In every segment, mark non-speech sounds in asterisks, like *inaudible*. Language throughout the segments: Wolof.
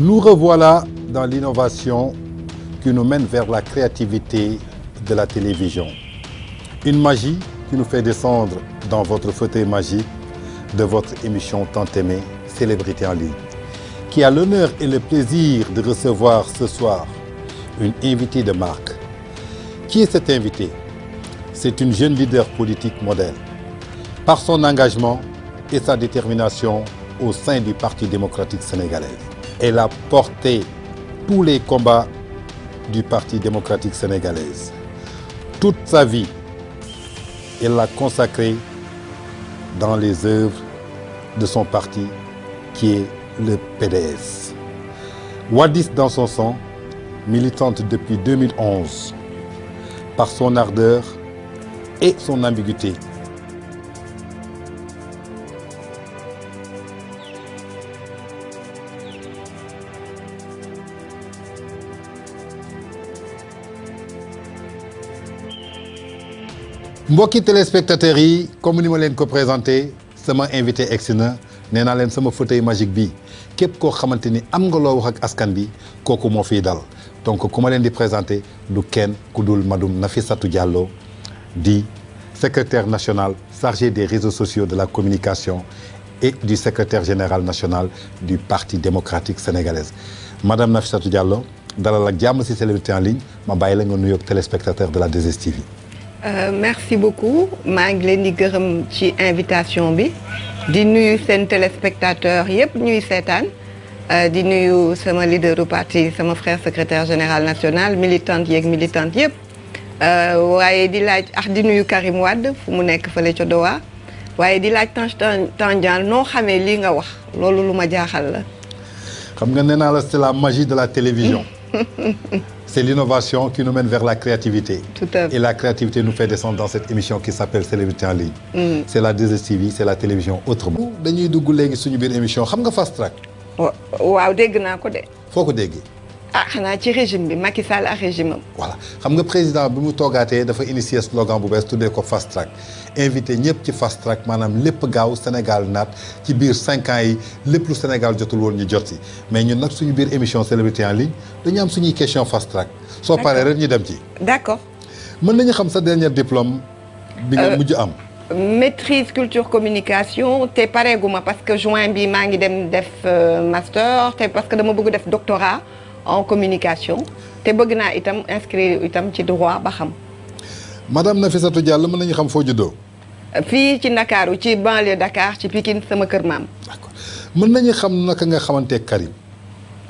Nous revoilà dans l'innovation qui nous mène vers la créativité de la télévision. Une magie qui nous fait descendre dans votre fauteuil magique de votre émission tant aimée Célébrité en ligne, qui a l'honneur et le plaisir de recevoir ce soir une invitée de marque. Qui est cette invitée C'est une jeune leader politique modèle. Par son engagement et sa détermination au sein du Parti démocratique sénégalais. Elle a porté tous les combats du Parti démocratique sénégalaise. Toute sa vie, elle l'a consacrée dans les œuvres de son parti qui est le PDS. Wadis dans son sang, militante depuis 2011, par son ardeur et son ambiguïté mbokki téléspectateurs yi comme ni ma leen ko présenté sama invité egsi na nee naa leen sama fauteuil magique bi képp koo xamante ni am nga loo wax ak askan bi kooku moo fiy dal donc ku ma leen di présenté du kenn ku dul madame Nafissatou Diallo di secretaire national chargé des réseaux sociaux de la communication et du secrétaire général national du Parti démocratique sénégalais madame Nafissatou Diallo dalal ak jàmm ci célébrité en ligne ma bàyyi la nga nuyoog téléspectateur de la 2 Euh, merci beaucoup maa ngi leen di gërëm ci invitation bi di nuyu seen téléspectateurs yëpp ñuy seetaan euh, di nuyu sama leaderu parti sama frère secretaire général national militante yeeg militant yëpp euh, waaye di laaj ax ah, di nuyu Karim wàdd fu mu nekk fële ca Doha waaye di laaj Tange Tandian noo xamee lii nga wax loolu lu ma jaaxal la. xam nga nee naa la c'est la magie de la télévision. *laughs* C'est l'innovation qui nous mène vers la créativité. Tout à fait. Et la créativité nous fait descendre dans cette émission qui s'appelle Célébrité en ligne. Mm. C'est la 2 c'est la télévision autrement. dañuy dugg léegi suñu biir émission xam nga fast track. waaw dégg naa ko de. foo ko déggee. ah xanaa ci régime bi Macky a ak régime am. voilà xam nga président bi mu toogaatee dafa initier slogan bu bees tuddee ko fast track invité ñëpp ci fast track maanaam lépp gaaw Sénégal naat ci biir cinq ans yi lépp lu Sénégal jotul woon ñu jot si mais ñun nag suñu biir émission célébrité en ligne dañu am suñuy question fast track. soo paree rek ñu dem ci. d'accord mën nañu xam sa dernier diplôme. bi nga euh, mujj am. maîtrise culture communication te pareeguma parce que juin bi maa ngi dem def euh, master te parce que dama bëgg def doctorat en communication te bëgg naa itam inscrire itam ci droit ba xam. madame Nafissatou Diallo mën nañu xam foo juddoo. fii ci Ndakaaru ci banlieue dakaar ci Pikine sama kër maam. d'accord mën nañu xam naka nga xamante Karim.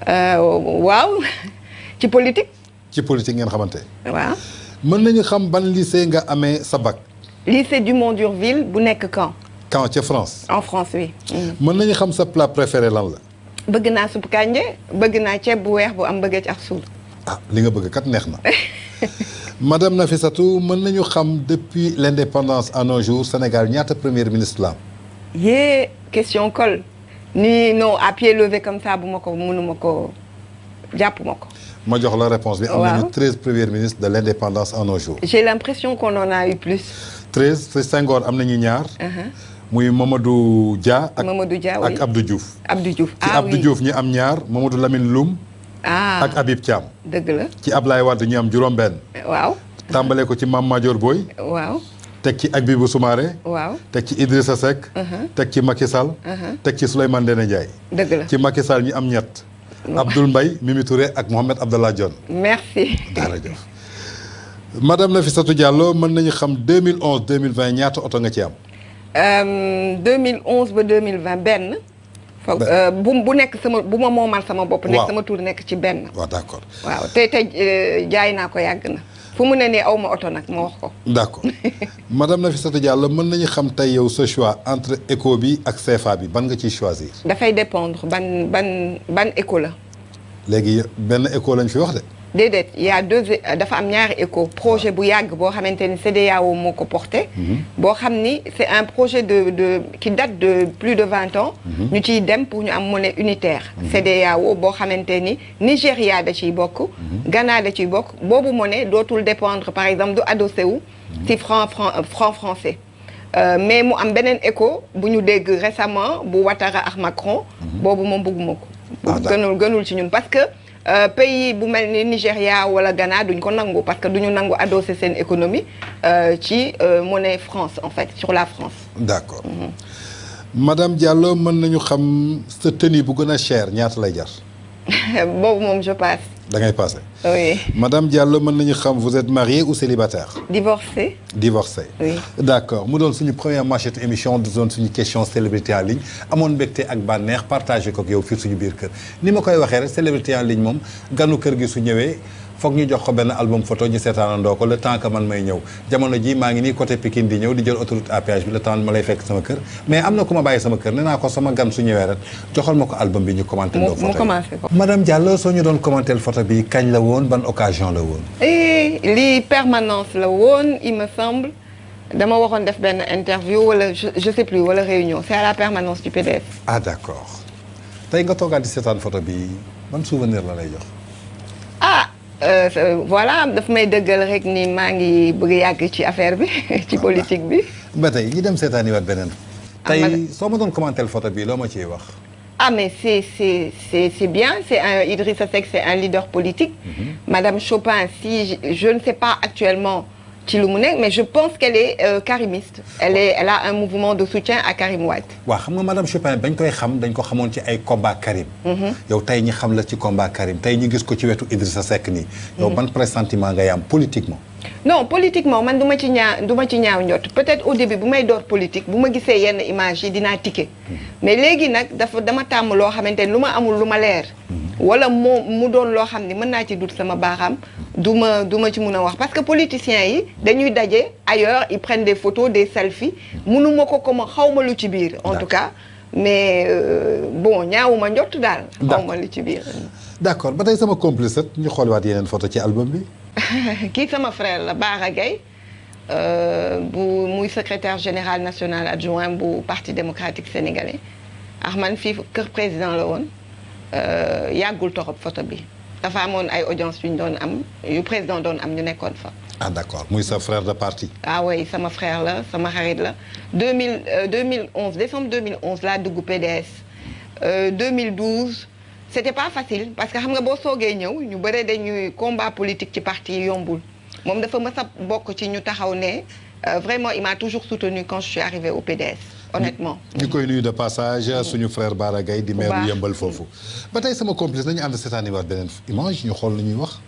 Euh, waaw *laughs* ci politique. ci politique ngeen xamante. waaw. mën nañu xam ban lycée nga amee sa bac. lycée Dumont d'Urville bu nekk Caen. Caen ca France. en France oui. Mm. mën nañu xam sa plat préféré lan la. bëgg naa supp kànje bëgg naa ceeb bu weex bu am bëggee ci ak suul. ah li nga bëgg kat neex na. *laughs* madame Nafissatou mën nañu xam depuis l'indépendance à nos jours Sénégal ñaata premier ministre la yée question col ni non à pied levé comme ça bu ma ko mënuma ko jàpp ma ko ma jox la réponse bi am nañu treize premiers ministres de l'indépendance à nos jours j'ai l'impression qu'on en a eu plus treize ci Senghor am nañu ñaar uh-huh. muy Mamadou Dia ak Mamadou Dia Abdou Diouf Abdou Diouf ñu ah am ñaar Mamadou Lamine Loum Ah. ak Habib Thiam. dëgg la ci Ablaye Wade ñu am juróom-benn. waaw. tàmbale ko ci Mame Madior Boye. waaw. teg ci Hadjibou Soumaré. waaw teg ci Idrissa Seck. Uh-huh. teg ci Macky Sall. Uh-huh. teg ci Souleymane Ndéné Ndiaye. dëgg la ci Macky Sall ñi am ñett. Abdoul mbay Mimi Touré ak Mohamed Abdallah Dionne. merci. na fi Nafissatou Diallo mën nañu xam 2011 2020 ñaata oto nga ci am. 2011 euh, ba 2020 benn. Euh, bu bu nekk sama bu ma moomal sama bopp. nekk sama tur nekk ci benn. waaw d'accord waaw te te euh, jaay naa ko yàgg na fu mu ne nii aw ma oto nag ma wax ko. d'accord *laughs* madame Nafissatou Diallo mën nañu xam tey yow sa choix entre éco bi ak CFA bi ban nga ciy choisir. dafay dépendre ban ban ban éco la. léegi benn éco lañ fi wax de. déedéet y' a dafa am ñaari éco projet bu yàgg boo xamante ni CEDEAO moo ko porté. Mhm. boo xam ni c' est un projet de de qui date de plus de vingt ans. Mhm. ñu ciy dem pour ñu am monnaie unitaire. Mhm. CEDEAO boo xamante ni Nigéria da ciy bokk. Ghana da ciy bokk boobu monnaie dootul dépendre par exemple du adossé wu. ci franc franc euh, mais mu am beneen éco bu ñu dégg récemment bu Ouattara ak Macron. boobu moom bëgguma ko. Ah, gënul ci ñun parce que. Euh, pays bu mel ni Nigéria wala Ghana duñ ko nangu parce que duñu nangu adossé seen économie euh, ci euh, monnaie France en fait sur la France. d'accord mhm. madame Diallo mën nañu xam sa tenue bu gën a cher ñaata lay jar. *laughs* boobu moom je passe. da ngay passé. oui madame Diallo mën nañu xam vous êtes mariée ou célibataire. divorcée. divorcée. oui d' accord mu doon suñu première manchette émission du doon suñu question célébrité en ligne amoon mbégte ak bànneex partagé ko ak yow fii suñu biir kër ni ma koy waxee rek célébrité en ligne moom ganu kër gi su ñëwee. foog ñu jox ko benn album photo ñu seetaanandoo ko le temps man may ñëw jamono ji maa ngi nii côté Pikine di ñëw di jël autoroute à péage bi le temps ma lay fekk sama kër mais am na ku ma bàyyi sama kër nee naa ko sama gan su ñëwee rek joxal ma ko album bi ñu commenté ndoo photo madame Diallo soo ñu doon commenté photo bi kañ la woon ban occasion la woon eh, lii permanence la woon il me semble dama waxoon def benn interview wala je sais plus wala réunion c'est à la permanence du PDF ah d'accord nga toogaat di seetaan photo bi ban souvenir la lay jox ah, Euh, voilà daf may dëggal rek ni maa ngi bëgg yàgg ci affaire bi *laughs* ci ah, politique bi. ba tey ñi dem seetaani waat beneen. Ah, tey soo ma doon commenter photo bi loo ma ciy wax. ah mais c'est c'est c'est bien c'est un Idrissa Seck c'est un leader politique. Mm -hmm. Madame Chopin si je, je ne sais pas actuellement. ci lu mu nekk mais je pense qu'elle est euh, elle a un mouvement de soutien à Karim Wade waaw xam nga madame Chopin bañ koy xam dañ ko xamoon ci ay combat Karim mhm. yow tey ñi xam la ci combat Karim tey ñu gis ko ci wetu Idrissa Seck nii yow mhm. ban pressentiment ngay am politiquement non politiquement man du ma ci ñaa du ma ci ñaaw njott peut-être au début bu may door politique bu ma gisee yenn image yi dinaa tikke mhm. mais léegi nag dafa dama tàmm loo xamante ne lu ma amul lu ma leer mhm. wala moo mu doon loo xam ne mën naa ci dut sama baaxam du ma du ci mun a wax parce que politicien yi dañuy daje ailleurs ils prennent des photos des selfies mhm. munu ko ko xaw ma lu ci biir en tout cas mais euh, bon ñaawuma njott daal xaw ma lu ci biir d'accord ba tey sama complice ñu xooliwaat yeneen photo ci album bi kii *laughs* sama frère la Bara euh, bu muy secrétaire général national adjoint bu parti démocratique sénégalais ax man fii kër président la woon euh, yàggul torop photo bi dafa ay audience yu ñu doon am yu président doon am ñu nekkoon fa. ah d'accord muy sa frère de parti. ah oui sama frère la sama la 2000 2011 euh, décembre 2011 PDS c'était pas facile parce que xam nga boo soogee ñëw ñu bëree dañuy combat politique ci parti yi yombul moom dafa mës a bokk ci ñu taxaw ne euh, vraiment il m'a toujours soutenu quand je suis arrivée au PDS honnêtement ñu koy nuyu de passage mm. suñu frère Bara Gaye di maire yëmbal foofu ba tey sama complice nañu ànd seetaani waat beneen image ñu xool la ñuy wax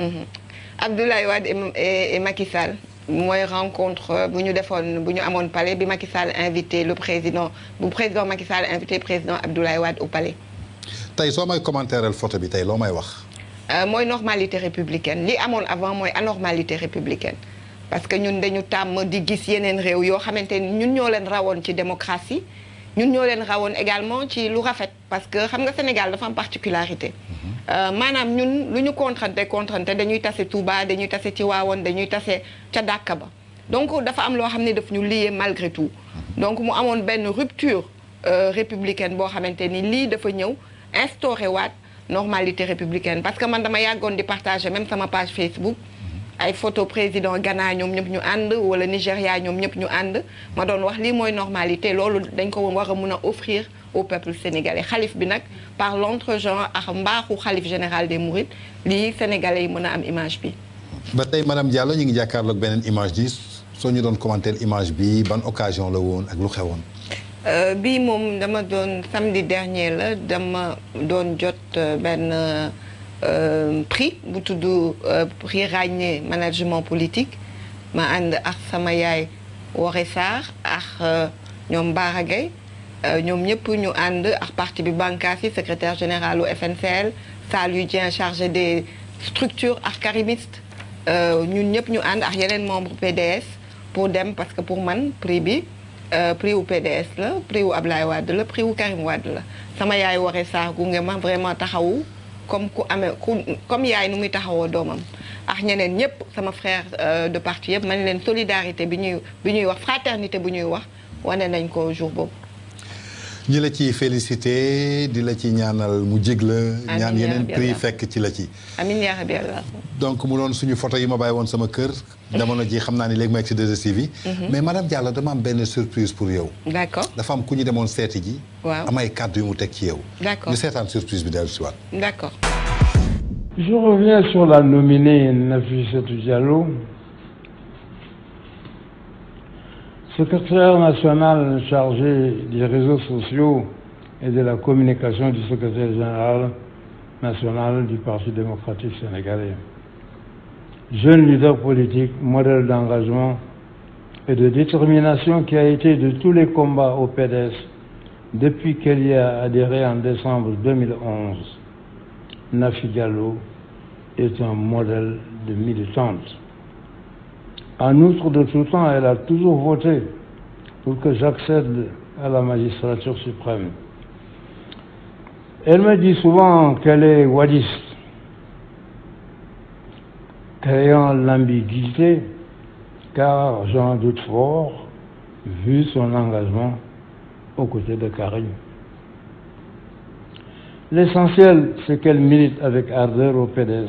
mm-hmm. Abdoulaye Wade et Macky Sall mooy rencontre bu ñu defoon bu ñu amoon palais bi Macky Sall invité le président bu président Macky Sall invité président Abdoulaye Wade au palais tey soo may commentaireel photo bi tey loo may wax. Euh, mooy normalité républicaine li amoon avant mooy anormalité républicaine parce que ñun dañu tàmm di gis yeneen réew yoo xamante ni ñun ñoo leen rawoon ci démocratie ñun ñoo leen rawoon également ci lu rafet parce que xam nga Sénégal dafa am particularité mhm. euh, maanaam ñun lu ñu contranté contranté dañuy tase Touba dañuy tase Tiwaawoon dañuy tase ca Dàkka ba donc dafa am loo xam ne daf ñu lié malgré tout mhm. donc mu amoon benn rupture euh, républicaine boo xamante ni lii dafa ñëw instauré waat normalité républicaine parce que man dama yàggoon di partager même sama page Facebook mhm. ay photo président Ghana ñoom ñëpp ñu ànd wala Nigéria ñoom ñëpp ñu ànd ma doon wax lii mooy normalité loolu dañ ko war a mun a offrir au peuple sénégalais xalif bi nag par l'entregent ak mbaaxu xalif général de Mourides lii sénégalais yi mën a am image bi. ba tey madame Diallo ñu ngi jàkkaarloog beneen image bi soo ñu doon commentaire image bi ban occasion la woon ak lu xewoon. Euh, bii moom dama doon samedi dernier la dama doon jot euh, benn euh, prix bu tudd prix ràññee management politique ma ànd ak sama yaay Woré Sarr ak ñoom Bara ñoom ñëpp ñu ànd ak parti bi bancaas yi secrétaire général u FNCL Saliou Dieng chargé des structures ak karimistes ñun ñëpp ñu ànd ak yeneen membre PDS pour dem parce que pour man prix bi Euh, prix wu PDS la prix wu Ablaye Wade la prix wu Karim Wade la sama yaay waree saa gunge ma vraiment taxawu comme ku amee ku comme yaay nu muy taxawoo doomam ax ñeneen ñëpp sama frère euh, de parti yëpp man leen solidarité bi ñuy bi ñuy wax fraternité bu ñuy wax wane nañ ko jour boobu ñi la ciy félicité di la ci ñaanal mu jég la ñaan yeneen prix fekk ci la ci donc mu doon suñu photo yi ma bàyyi woon sama kër jamono ji xam naa ni léegi ma egg si 2STV yi mhm. mais madame Diallo dama am benn surprise pour yow d'accord dafa am ku ñu demoon seeti ji waaw am yu mu teg ci yow ñu seetaan surprise bi dellu si waat d'accord secrétaire national chargé des réseaux sociaux et de la communication du secrétaire général national du Parti démocratique sénégalais. Jeune leader politique, modèle d'engagement et de détermination qui a été de tous les combats au PDS depuis qu'elle y a adhéré en décembre 2011, est un modèle de militante. En outre, de tout temps, elle a toujours voté pour que j'accède à la magistrature suprême. Elle me dit souvent qu'elle est wadiste, créant l'ambiguïté, car j'en doute fort, vu son engagement aux côtés de Karim. L'essentiel, c'est qu'elle milite avec ardeur au PDS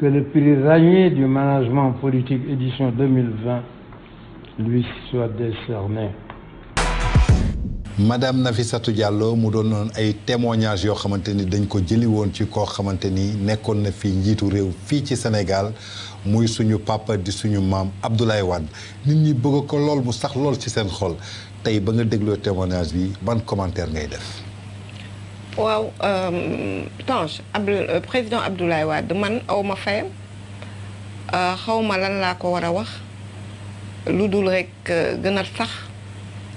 que le prix Ranier du management politique édition 2020 lui soit décerné. madame Nafissatou Diallo mu doon noonu ay témoignages yoo xamante ni dañ ko jëli woon ci koo xamante ni nekkoon na fii njiitu réew fii ci senegal muy suñu papa di suñu maam Abdoulaye Wade nit ñi bëgg ko lool mu sax lool ci seen xol tey ba nga dégloo témoignage bi ban commentaire ngay def. waaw euh, Tange Abdou euh, président Abdoulaye Wade man aw ma fayam euh, xaw ma lan laa ko war a wax lu dul rekk gën a sax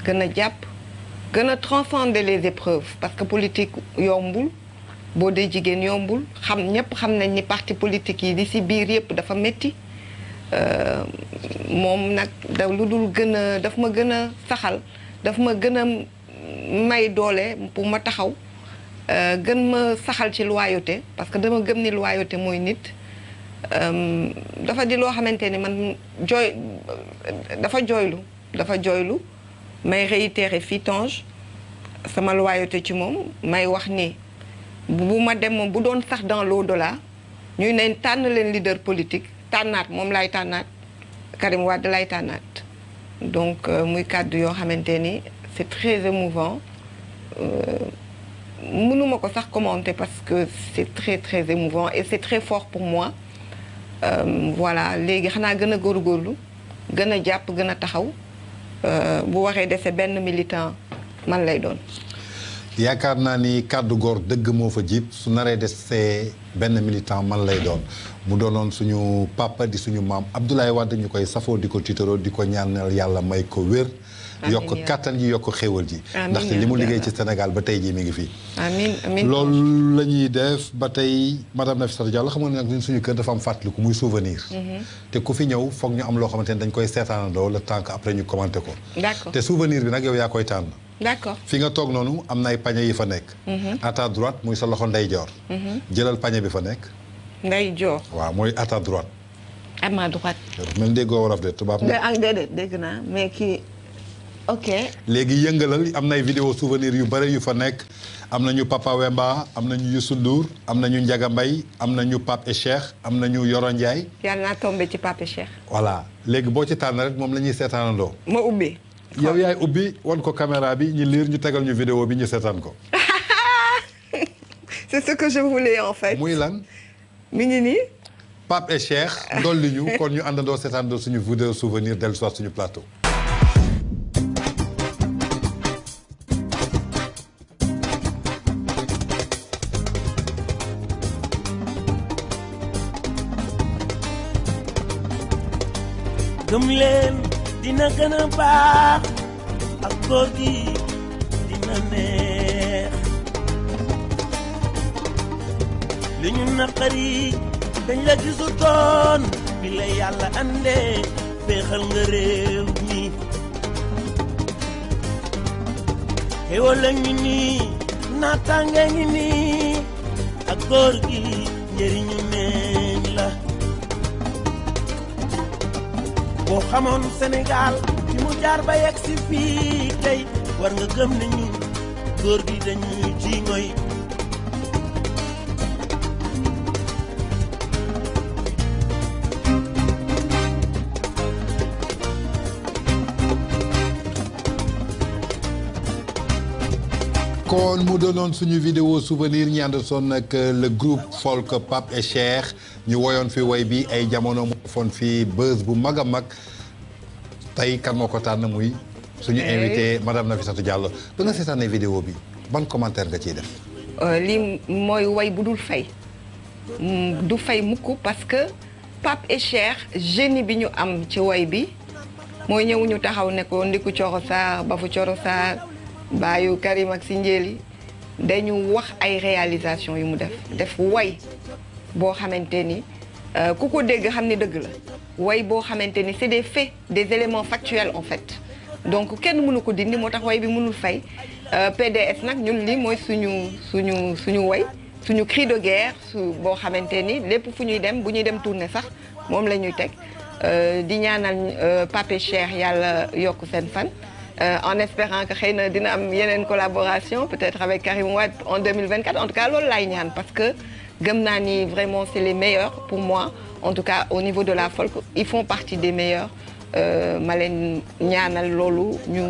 gën a jàpp gën a transcender les épreuves parce que politique yombul boo dee jigéen yombul xam ñëpp xam nañ ni parti politique yi di ci biir yëpp dafa metti moom nag da lu dul gën a daf ma gën a saxal daf ma gën a may doole pour ma taxaw Euh, gën ma saxal ci loyauté parce que dama gëm ni loyauté mooy nit euh, dafa di loo xamante ni man jooy dafa jooylu dafa jooylu may réitérer fii Tange sama loyauté ci moom may wax ni bu ma dem moom bu doon sax dans l'au-delà ñuy neen tànn leen leader politique tànnaat moom laay tànnaat Karim Wade laay tànnaat donc euh, muy kàddu yoo xamante ni c'est très émouvant mënuma ko sax commenter parce que c'est très très émouvant et c'est très fort pour moi euh, voilà léegi xanaa gën a góorgóorlu gën a jàpp gën a taxaw euh, bu waxee dese benn militant man lay doon yaakaar naa ni kàddu góor dëgg moo fa jiit su naree desee benn militant man lay doon mu doonoon suñu papa di suñu maam Abdoulaye Wade ñu koy safoo di ko tiitaroo di ko ñaanal yàlla may ko wér yokk kattan ji yokk xéwal ji ndaxte li mu liggéey ci Sénégal ba tey jii mi ngi fii loolu la ñuy def ba tey madame Nafissatou Diallo xam nga nag ñun suñu kër dafa am fàttaliku muy souvenir mhm. te ku fi ñëw foog ñu am loo xamante ne dañ koy seetaanandoo le temps après ñu commenté ko te souvenir bi nag yow yaa koy tànn d'accord fi nga toog noonu am na ay pañe yi fa nekk mhm. à ta droite muy sa loxo ndeyjoor mhm. jëlal pañe bi fa nekk ndeyjoor waaw mooy à ta droite à ma droite mel déggoo ok léegi yëngalal am nay vidéo souvenir yu bëri yu fa nekk am na ñu Papa Wemba am nañu Youssou Ndour am nañu Ndiaga Mbaye am na ñu et Cheikh am ñu Yoro Ndiaye. yàlla naa tombé ci Pape et Cheikh. voilà léegi boo ci tànn rek moom la ñuy seetaanandoo. ma ubbi. yow yaay ubbi wan ko caméra bi ñu liir ñu tegal ñu vidéo bi ñu seetaan ko. *laughs* c'est ce que je voulais en fait. muy lan. mi ngi nii. Pape et Cheikh ñu kon ñu àndandoo seetaandoo suñu vidéo souvenir dellu si suñu plateau. gëm dina gën a baax ñu naqari dañ la gisutoon bi la yàlla andee féexal nga réew mi xéwal a ngi nii naataange ngi nii ak góor gi njëriñu boo xamoon Sénégal fi mu jaar ba yegg si fii tey war nga gëm ne ñun gi dañuy ci ngoy kon mu doonoon suñu vidéo souvenir ñi ànd soon nag le groupe folk Pape et ñu woyoon fi woy bi ay jamono defoon fii bës bu mag a mag tey kan moo ko tànn muy suñu eh. invité madame Nafissatou jàll ba nga seetaanee vidéo bi ban commentaire nga ciy def euh, lii mooy way bu dul fay mm, du fay mukk parce que Pape et Cheikh génie bi ñu am ci way bi mooy ñëwuñu ñu taxaw ne ko ndiku coro saar ba fu coro saar baayu Karim ak si njéeli dañu wax ay réalisation yu mu def def way boo xamante ni Euh, ku ko dégg xam ni dëgg la way boo xamante ni c'est des faits des éléments factuels en fait donc kenn mënu ko dindi moo tax way bi mënul fay euh, PDS nag ñun lii mooy suñu suñu suñu way suñu cri de guerre su boo xamante ni lépp fu ñuy dem bu ñuy dem tournée sax moom la ñuy teg euh, di ñaanal Pape Cheikh yàlla yokk seen fan en espérant que xëy na dina am yeneen collaboration peut-être avec Karim Wade en en tout cas loolu laay ñaan parce que gëm naa ni vraiment c'est les meilleurs pour moi en tout cas au niveau de la folk ils font partie des meilleurs euh, ma leen ñaanal loolu ñu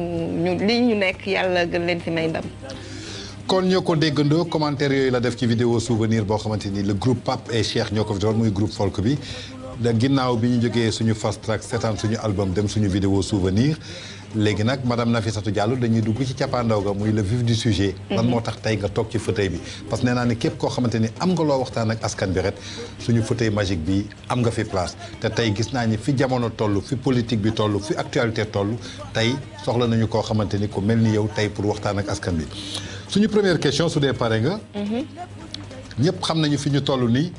ñu li ñu nekk yàlla gën leen ci may ndam. kon ñoo ko déggandoo commentaire yooyu la def ci vidéo souvenir boo xamante ni le groupe Pape et Cheikh ñoo ko fi doon muy groupe folk bi da ginnaaw bi ñu jógee suñu fast track seetaan suñu album dem suñu vidéo souvenir. léegi nag madame Nafissatou Diallo dañuy dugg ci cappaandaw ga muy le vif du sujet. Mhm. moo tax tey nga toog ci fauteuil bi. parce que nee naa ne képp koo xamante ni am nga loo waxtaan ak askan bi ret suñu fauteuil magique bi am nga fi place te tey gis naa ni fi jamono toll fi politique bi toll fi actualité toll tey soxla nañu koo xamante ni ku mel ni yow tey pour waxtaan ak askan bi suñu première question su dee pare nga. Mhm. ñëpp xam nañu fi ñu toll nii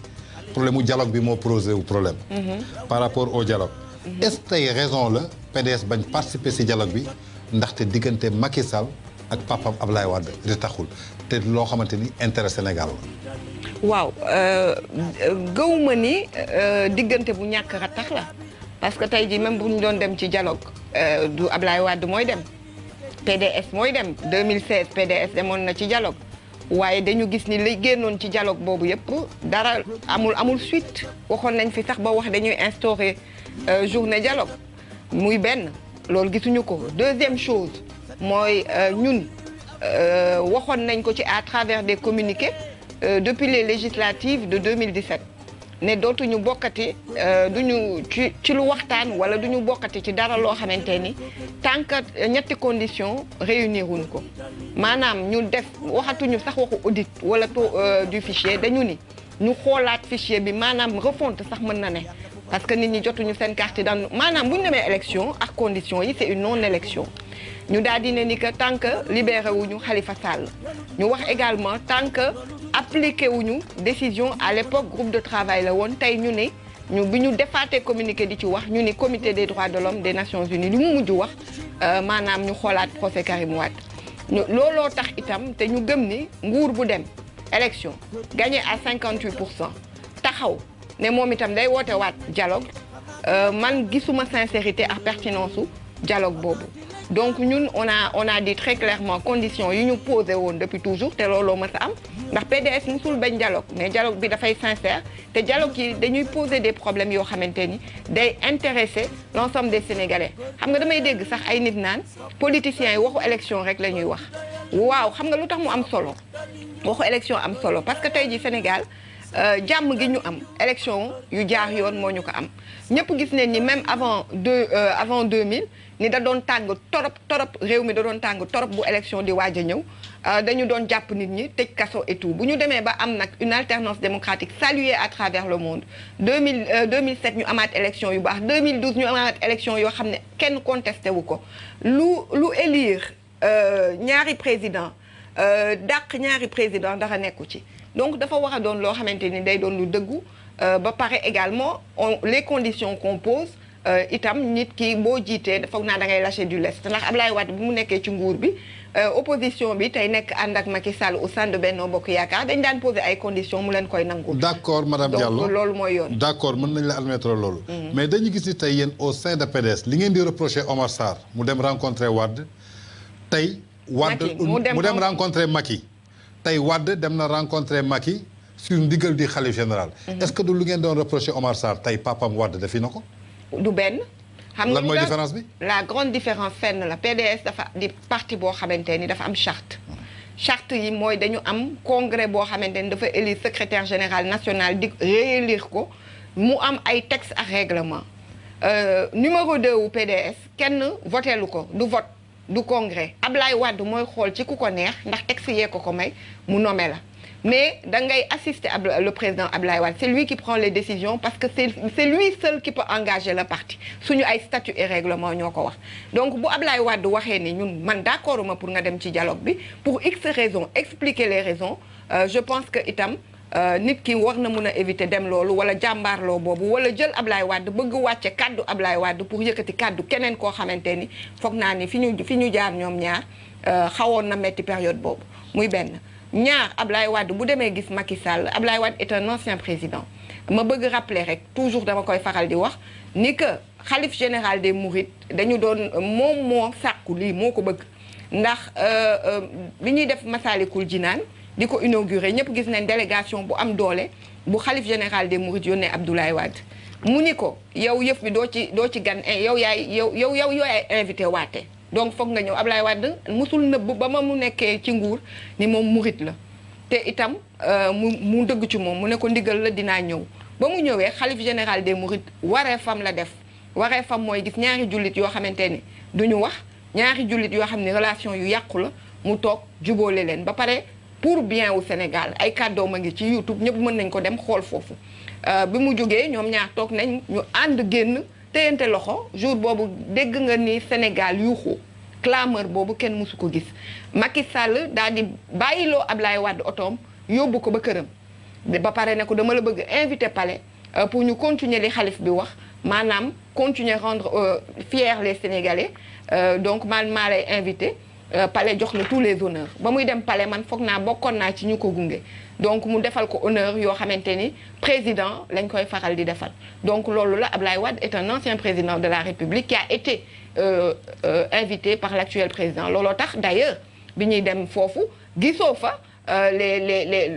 problème mu dialogue bi moo posé wu problème. Mhm. par rapport au dialogue. Mhm. est-ce tey raison la PDS bañ participer ci dialogue bi ndaxte diggante Macky Sall ak papam Ablaye Wade di taxul te loo xamante ni intérêt Sénégal la. waaw euh, gëw ma ni euh, diggante bu ñàkk rattax la parce que tey jii même bu ñu doon dem ci dialogue euh, du Ablaye Wade mooy dem PDS mooy dem 2016 PDS demoon na ci dialogue. waaye dañu gis ni lay génnoon ci dialogue boobu yëpp dara amul amul suite waxoon nañ fi sax ba wax dañuy instaurer euh, journée dialogue muy benn loolu gisuñu ko deuxième chose mooy euh, ñun euh, waxoon nañ ko ci à travers des communiqués depuis les législatives de 2017 ne dootuñu bokkati euh, duñu ci ci lu waxtaan wala duñu bokkati ci dara loo xamante ni tant que euh, ñetti condition réunir wuñ ko maanaam ñu def waxatuñu sax waxu audit wala taux euh, du fichier dañu ni ñu xoolaat fichier bi maanaam refonte sax mën na ne parce que nit ñi jotuñu seen carte d'identité maanaam bu ñu demee élection ak condition yi c'est une non élection ñu daal di ne ni que tant que libéré wuñu xalifa Sall ñu wax également tant que appliqué wuñu décision à l'époque groupe de travail la woon tey ñu ni ñu bi ñu defaatee communiqué di ci wax ñu ni commité des droits de l'homme des Nations Unies li mu mujj wax euh, maanaam ñu xoolaat procès Karim Wade ñu looloo tax itam te ñu gëm ni nguur bu dem élection gagné à 58 pour cent taxaw ne moom itam day woote waat dialogue euh, man gisuma sincérité ak pertinence u dialogue boobu donc ñun on a di a très clairement conditions yi ñu posé woon depuis toujours te looloo mës a am ndax PDS musul bañ dialogue mais dialogue bi dafay sincère te dialogue yi dañuy poser des problèmes yoo xamante ni day intéresser l'ensemble de Sénégalais xam nga damay dégg sax ay nit naan politiciens yi waxu élection rek la ñuy wax waaw xam nga lu tax mu am solo waxu élection am solo parce que tey ji Sénégal euh, jàmm gi ñu am élection yu jaar yoon moo ñu ko am ñëpp gis nañ ni même avant deux euh, avant 2000 ni da doon tàng torop torop réew mi da doon tàng torop bu élection di waaj a ñëw euh, dañu doon jàpp nit ñi tëj kaso et bu ñu demee ba am nag une alternance démocratique saluée à travers le monde 2000 2007 euh, ñu amaat élection yu baax 2012 ñu amaat élection yoo xam ne kenn contesté wu ko lu lu élire euh, ñaari président dàq ñaari président dara nekku ci donc dafa war a doon loo xamante ni day doon lu dëggu ba pare également on les conditions qu'on pose Euh, itam nit ki boo jiitee foog naa da ngay lâcher du lest ndax Ablaye Wade bu mu nekkee ci nguur bi euh, opposition bi tey nekk ànd ak Macky Sall au sein Benno Bokk Yaakaar dañ daan poser ay condition mu leen koy nangu. d' accord madame loolu mooy yoon. d' accord mën nañ la admettre loolu. Mm-hmm. mais dañu gis ni tey yéen au sein de PDS li ngeen di reprocher Omar Sarr mu dem rencontrer Wade tey. Wade mu dem rencontrer Macky tey Wade dem na rencontrer Macky sur ndigal di xalif général. Mm-hmm. est ce que du lu ngeen doon reprocher Omar Sarr na ko. du benn. xam nga lan la grande différence fenn la PDS dafa di parti boo xamante ni dafa am charte. charte yi mooy dañu am congrès boo xamante ni dafa élire secretaire général national di réélire ko mu am ay texte ak règlement. Euh, numéro 2 wu PDS kenn voteelu ko du vote du congrès Ablaye Wade mooy xool ci ku ko neex ndax texte yee ko ko may mu nommé la. mais dangay assister le président Abdoulaye Wade c'est lui qui prend les décisions parce que c'est c'est lui seul qui peut engager le parti suñu ay statut et règlement ñoo ko wax donc bu ab Abdoulaye Wade waxee ni ñun man d'accord ma pour nga dem ci dialogue bi pour x raisons expliquer les raisons euh, je pense que itam euh, nit ki war na mun a éviter dem loolu wala jàmbaarloo boobu wala jël ab Ablaye Wade bëgg wàcce kàddu Ablaye Wade pour yëkkati kàddu keneen koo xamante ni foog naa ni fi ñu fi ñu jaar ñoom ñaar euh, xawoon na metti période boobu muy benn ñaar ab laay Wade bu demee gis Macky Sall Ablaye Wade est un ancien président ma bëgg rappeler rek toujours dama koy faral di wax ni que xalif général de Mourides dañu doon moom moo sàkku lii moo ko bëgg ndax li euh, euh, ñuy def Massalikul Jinaan di ko inauguré ñëpp gis nañ délégation bu am doole bu xalif général de des Mourides yónnee Abdoulaye Wade mu ni ko yow yëf bi doo ci doo ci gan eh, yow yaay yow yow yow yaay invité waate donc foog nga ñëw Ablaye Wade musul nëbb ba ma mu nekkee ci nguur ni moom murit la te itam euh, mu mu dëgg ci moom mu ne ko ndigal la dinaa ñëw ba mu ñëwee xalif général de mourides waree fam la def waree fam mooy gis ñaari jullit yoo xamante ni du ñu wax ñaari jullit yoo xam ni relation yu yàqu la mu toog jubale leen ba pare pour bien wu Sénégal ay kàddoom a ngi ci YouTube ñëpp mën nañ ko dem xool foofu euh, bi mu jógee ñoom ñaar toog nañ ñu ànd génn téyante loxo jour boobu dégg nga ni Sénégal yuuxu clameur boobu kenn mësu ko gis Macky sàll daal di bàyyiloo lay wàdd otoom yóbbu ko ba këram ba pare ne ko dama la bëgg invité pale euh, pour ñu continuer li xalif bi wax maanaam continuer rendre euh, fiers les Sénégalais euh, donc man maa lay invité palais jox la tous les honneurs ba muy dem pale man foog naa bokkoon naa ci ñu ko gunge donc mu defal ko honneur yoo xamante ni président lañ koy faral di defal donc loolu la Ablaye Wade est un ancien président de la République qui a été euh, euh, invité par l'actuel président looloo tax d'ailleurs bi ñuy dem foofu gisoo fa Euh, les les les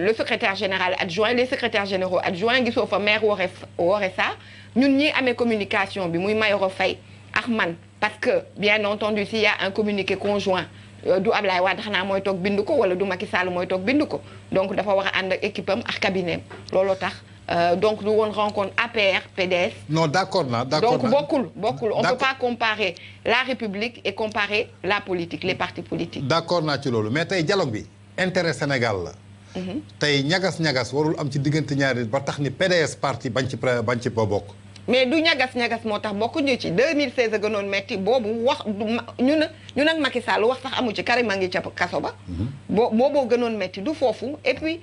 le secrétaire général adjoint les secrétaires généraux adjoints gisoo fa maire wore wore sa ñun ñi amee communication bi muy Mayoro Faye ak man parce que bien entendu s'il y a un communiqué conjoint Euh, du Ablaye Wade xanaa mooy toog bind ko wala du Macky Sall mooy toog bind ko donc dafa wax a ànd ak équipe am ak cabinet am looloo tax euh, donc du woon rencontre APR PDS. non d' accord naa d' accord donc bokkul bokkul on pa pas comparer la république et comparer la politique les parti politiques. d' naa ci loolu mais tey dialogue bi intérêt Sénégal la. Mhm. tey ñagas ñagas warul am ci diggante ñaari ba tax ni PDS parti bañ ci bañ ci bokk. mais du ñagas-ñagas moo tax bokkuñu ci 2016 a gënoon metti boobu wax ñu ne ñu nag Macky Sall wax sax amu ci Karim a ngi ca kaso ba mhm. boo booboo gënoon metti du foofu et puis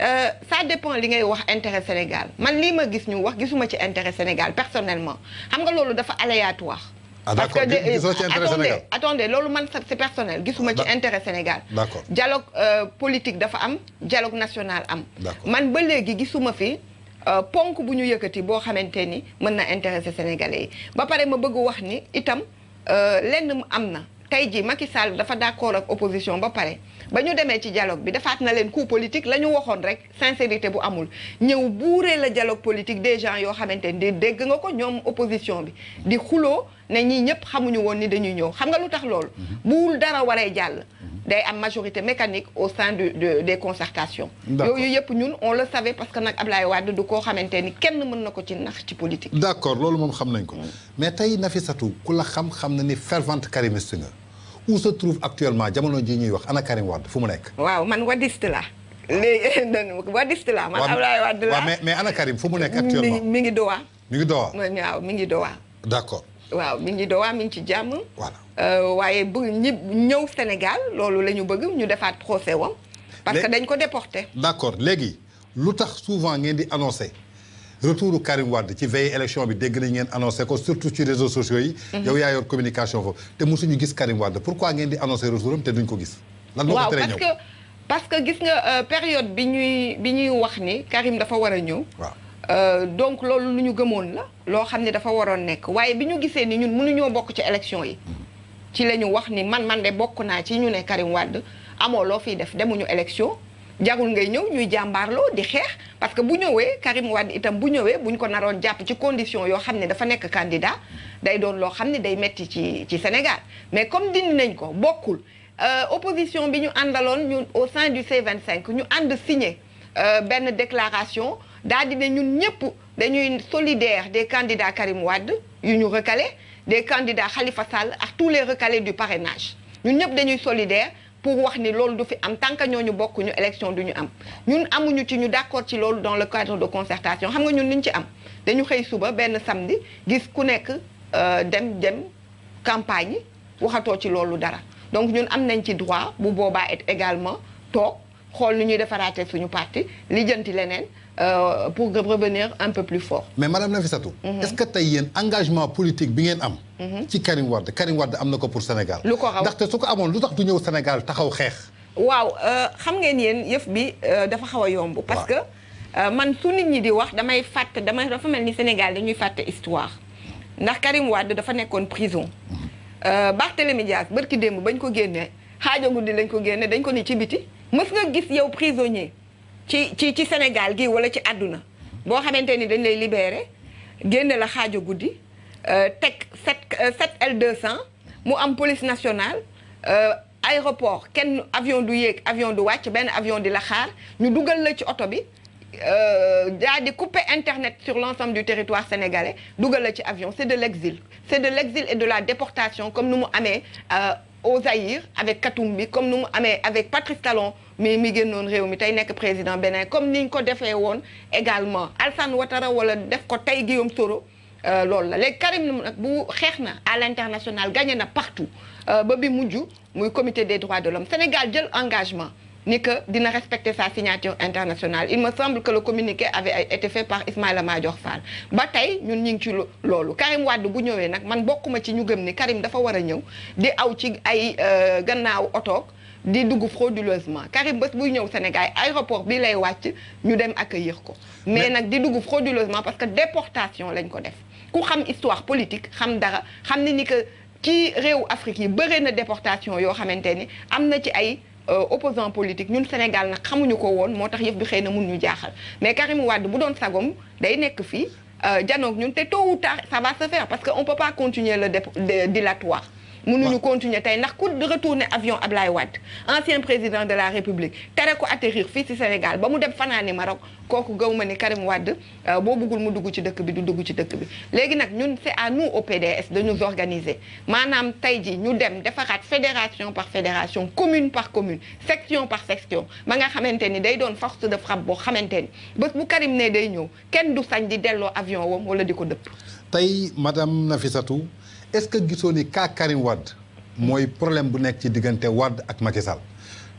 Euh, ça dépend li ngay wax intérêt Sénégal man lii ma gis ñu wax gisuma ci intérêt Sénégal personnellement xam nga loolu dafa aléatoire. ah d'accord parce que gisoo ci intérêt Sénégal loolu man c'est personnel gisuma ci intérêt Sénégal. d'accord dialogue euh, politique dafa am dialogue national am. man ba léegi gisuma fi. Euh, ponk bu ñu yëkkati boo xamante ni mën na intéresser sénégalais yi ba pare ma bëgg wax ni itam euh, lenn am na tey jii Macky Sall dafa d'accord ak opposition ba pare ba ñu demee ci dialogue bi defaat na leen coup politique la ñu waxoon rek sincérité bu amul ñëw buuree la dialogue politique des gens yoo xamante ni dégg nga ko ñoom opposition bi di xuloo ne ñii ñëpp xamuñu woon ni dañuy ñëw xam nga lu tax loolu. Mm-hmm. bu dara waree jàll. day am majorité mécanique au sein de, de des concertations yooyu yëpp ñun on le savait parce que nag Ablaye Wade du koo xamante ni kenn mën na ko ci nax ci politique d' accord loolu moom xam nañ ko mais tey Nafissatou ku la xam-xam na ni fervente karimiste nga où se trouve actuellement jamono ji ñuy wax ana Karim Wade fu mu nekk waaw man wadiste la léegi *laughs* wadiste la man Ablaye la mais mais ana Karim fu mu nekk actuellement mi ngi dowa ngi dowa waaw mi ngi dowa d' accord waaw mi ngi dowa mi ngi ci jàmm voilà Euh, waaye bu ñib ñëw Sénégal loolu la ñu bëgg ñu defaat procès wam parce que dañ ko déporté d'accord léegi lu tax souvent ngeen di annoncé retour Karim Wade ci veille élection bi dégg nañ ngeen annoncé ko surtout ci réseaux sociaux yi mhm. yow yaa yor communication foofu te mosuñu gis Karim Wade pourquoi ngeen di annoncé retouram te duñ ko gis lan moo ko tere ñëw parce que gis nga euh, période bi ñuy bi ñuy wax ni Karim dafa war a ñëw waaw Euh, donc loolu lu ñu gëmoon loo xam ne dafa waroon nekk waaye bi ñu gisee ni ñun mënuñoo bokk ci élection yi mhm. ci la ñu wax ni man man de bokk naa ci ñu ne Karim Wade amoo loo fiy def demuñu élection jagul ngay ñëw ñuy jàmbarloo di xeex parce que bu ñëwee Karim wàdd itam bu ñëwee buñ ko naroon jàpp ci condition yoo xam ne dafa nekk candidat day doon loo xam ne day metti ci ci Sénégal mais comme dindi nañ ko bokkul euh, opposition bi ñu àndaloon ñun au sein du c cinq ñu ànd signé euh, benn déclaration daal di ne ñun ñëpp dañuy solidaire des candidats Karim wàdd yu ñu recalé des candidats Khalifa Sall ak tous les recalés du parrainage ñun ñëpp dañuy solidaire pour wax ni loolu du fi am tant que ñu bokkuñu élection duñu am ñun amuñu ci ñu d'accord ci loolu dans le cadre de concertation xam nga ñun ñu ci am dañu xëy suba benn samedi gis ku nekk euh, dem dem campagne waxatoo ci loolu dara donc ñun am nañ ci droit bu boobaa et également toog xool nu ñuy defaraate suñu parti lijjanti leneen Euh, pour revenir un peu plus fort. mais madame Nafissatou. Mm -hmm. que tey yéen engagement politique bi ngeen am. Mhm. ci Karim Wade Karim Wade am na ko pour Sénégal. lu ko raw ndaxte su ko amoon lu tax du ñëw Sénégal taxaw xeex. waaw euh, xam ngeen yéen yëf bi euh, dafa xaw a yomb. parce que euh, man su nit ñi di wax damay fàtte damay dafa mel ni Sénégal dañuy fàtte histoire ndax Karim Wade dafa nekkoon prison. Mhm. Barthélémy Dias bërki démb bañ ko génnee xaaja guddi lañ ko génne dañ ko ni ci biti mës nga gis yow prisonnier. ci ci ci Sénégal gi wala ci àdduna boo xamante ni dañ lay libéré génne la xaajo guddi euh, teg 7 7 L200 mu am police nationale euh, aéroport kenn avion du yéeg avion du wàcc benn avion di la xaar ñu dugal la ci oto bi euh, daa di couper internet sur l'ensemble du territoire sénégalais dugal la ci avion c'est de l'exil c'est de l'exil et de la déportation comme nu mu amee au Zaïre avec bi comme nu mu amee avec Patrice Talon mais mi génnoon réew mi tey nekk président Bénin comme niñ ko defee woon également Alassane Ouattara wala def ko tey Guillaume Toro euh, loolu la léegi Karim nag bu xeex na à l'international gagné na partout euh, ba bi mujj muy comité des droits de l'homme Sénégal jël engagement ni que dina respecter sa signature international il ma semble que le communiqué avait été fait par Ismaïla Madior Fall ba tey ñun ñu ngi ci loolu Karim wadd bu ñëwee nag man bokkuma ci ñu gëm ni Karim dafa war a ñëw di aw ci ay euh, gannaaw otoog di dugg frauduleusement Karim bés buy ñëw Sénégal aéroport bi lay wàcc ñu dem accueillir ko mais nag di dugg frauduleusement parce que déportation lañ ko def ku xam histoire politique xam dara xam ni ni que ci réew Afrique yi bëre na déportation yoo xamante ni am na ci ay euh, opposant politique ñun Sénégal nag xamuñu ko woon moo tax yëf bi xëy na mun ñu jaaxal mais Karim wàdd bu doon sagom day nekk fii euh, janoog ñun te tôt ou tard ça faire parce que on peut pas continuer le dilatoire mënuñu continuer tey ndax ku retourner avion Ablaye Wade ancien président de la République tere ko atterrir fii ci Sénégal ba mu dem fanaani Maroc kooku gaw ma ni Karim Wade euh, boo buggul mu dugg ci dëkk bi du dugg ci dëkk bi léegi nag ñun c'est à nous au PDS organiser maanaam tey ji ñu dem defaraat fédération par fédération commune par commune section par section ba nga xamante ni day doon force de frappe boo xamante ni bés bu Karim ne day ñëw kenn du sañ di delloo avion wam wala di ko dëpp tey madame Nafissatou est-ce que gisoo ni cas Karim Wade mooy problème bu nekk ci diggante Wade ak Macky Sall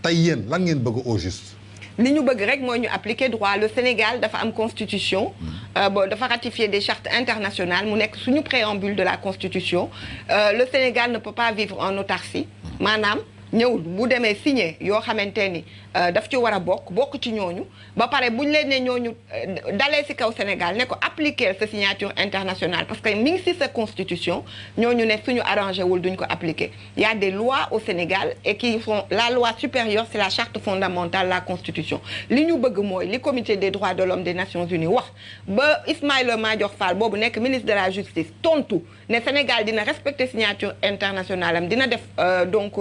tey yéen lan ngeen bëgg au juste. li ñu bëgg rek mooy ñu appliquer droit le Sénégal dafa am constitution hmm. euh, bon dafa ratifier des chartes internationales mu nekk suñu préambule de la constitution euh, le Sénégal ne peut pas vivre en autarcie hmm. maanaam. ñëwul bu demee signé yoo xamante ni euh, daf ci war a bokk bokk ci ñooñu ba pare bu buñ leen ne ñooñu euh, dalee si kaw Sénégal ne ko appliquer sa signature internationale parce que mi ngi ci sa constitution ñooñu ne suñu arrangé wul duñ ko appliquer y a des lois au Sénégal et qui sont la loi supérieure c'est la charte fondamentale la constitution li ñu bëgg mooy li comité des droits de l'homme des Nations Unies wax ba Ismaïla Madior Fall boobu nekk ministre de la justice tontu ne Sénégal dina respecter signature internationale am dina def euh, donc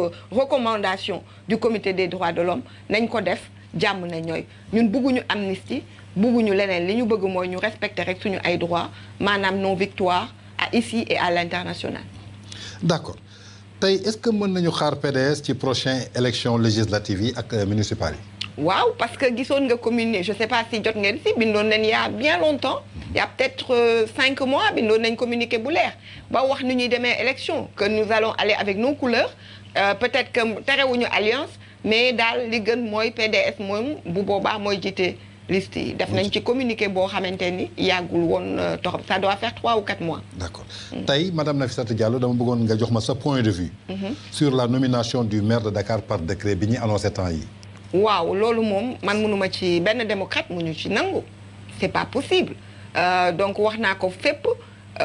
recommandation du comité des droits de l'homme nañ ko def jàmm na ñooy ñun bëgguñu amnistie bëgguñu leneen li ñu bëgg mooy ñu respecter rek suñu ay droits maanaam non victoire à ici et à l'international d'accord tey est-ce que mën nañu xaar PDS ci prochain élection législative yi ak euh, municipales yi waaw parce que gisoon nga commune je sais pas si jot ngeen si bindoon nañ y bien longtemps y a euh, cinq mois bindoon nañ communiqué bu leer ba wax ni ñuy demee élection que nous allons Euh, peut-être que terewuñu alliance mais daal li gën mooy PDS moom bu boobaa mooy jiite liste yi def nañ ci communiqué boo xamante ni yàggul woon euh, torop ça doit faire trois ou quatre mois. d'accord mm. tey madame Nafissatou Diallo dama bëggoon nga jox ma sa point de vue. Mm-hmm. sur la nomination du maire de Dakar par décret bi ñu annoncé temps yi waaw loolu moom man mënuma ci benn démocrate mu ñu ci nangu c'est pas possible euh, donc wax naa ko fépp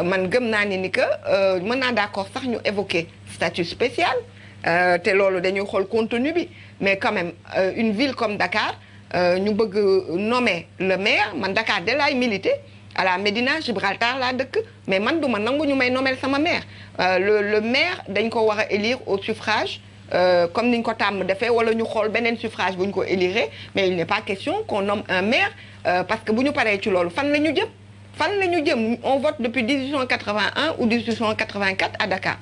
man gëm naa ni ni que mën naa d'accord sax ñu évoquer statut spécial. Euh, te loolu dañuy xool contenu bi mais quand même euh, une ville comme Dakar euh, ñu bëgg nommer le maire man Dakar de la milité à la Médina Gibraltar la dëkk mais man du ma nangu ñu may nommer sama maire le le maire dañ ko war a élire au suffrage comme niñ ko tàmm defee wala ñu xool beneen suffrage bu ñu ko élire mais il n'est pas question qu'on nomme un maire parce que bu ñu paree ci loolu fan la ñu jëm fan la ñu jëm on vote depuis 1881 ou 1884 à Dakar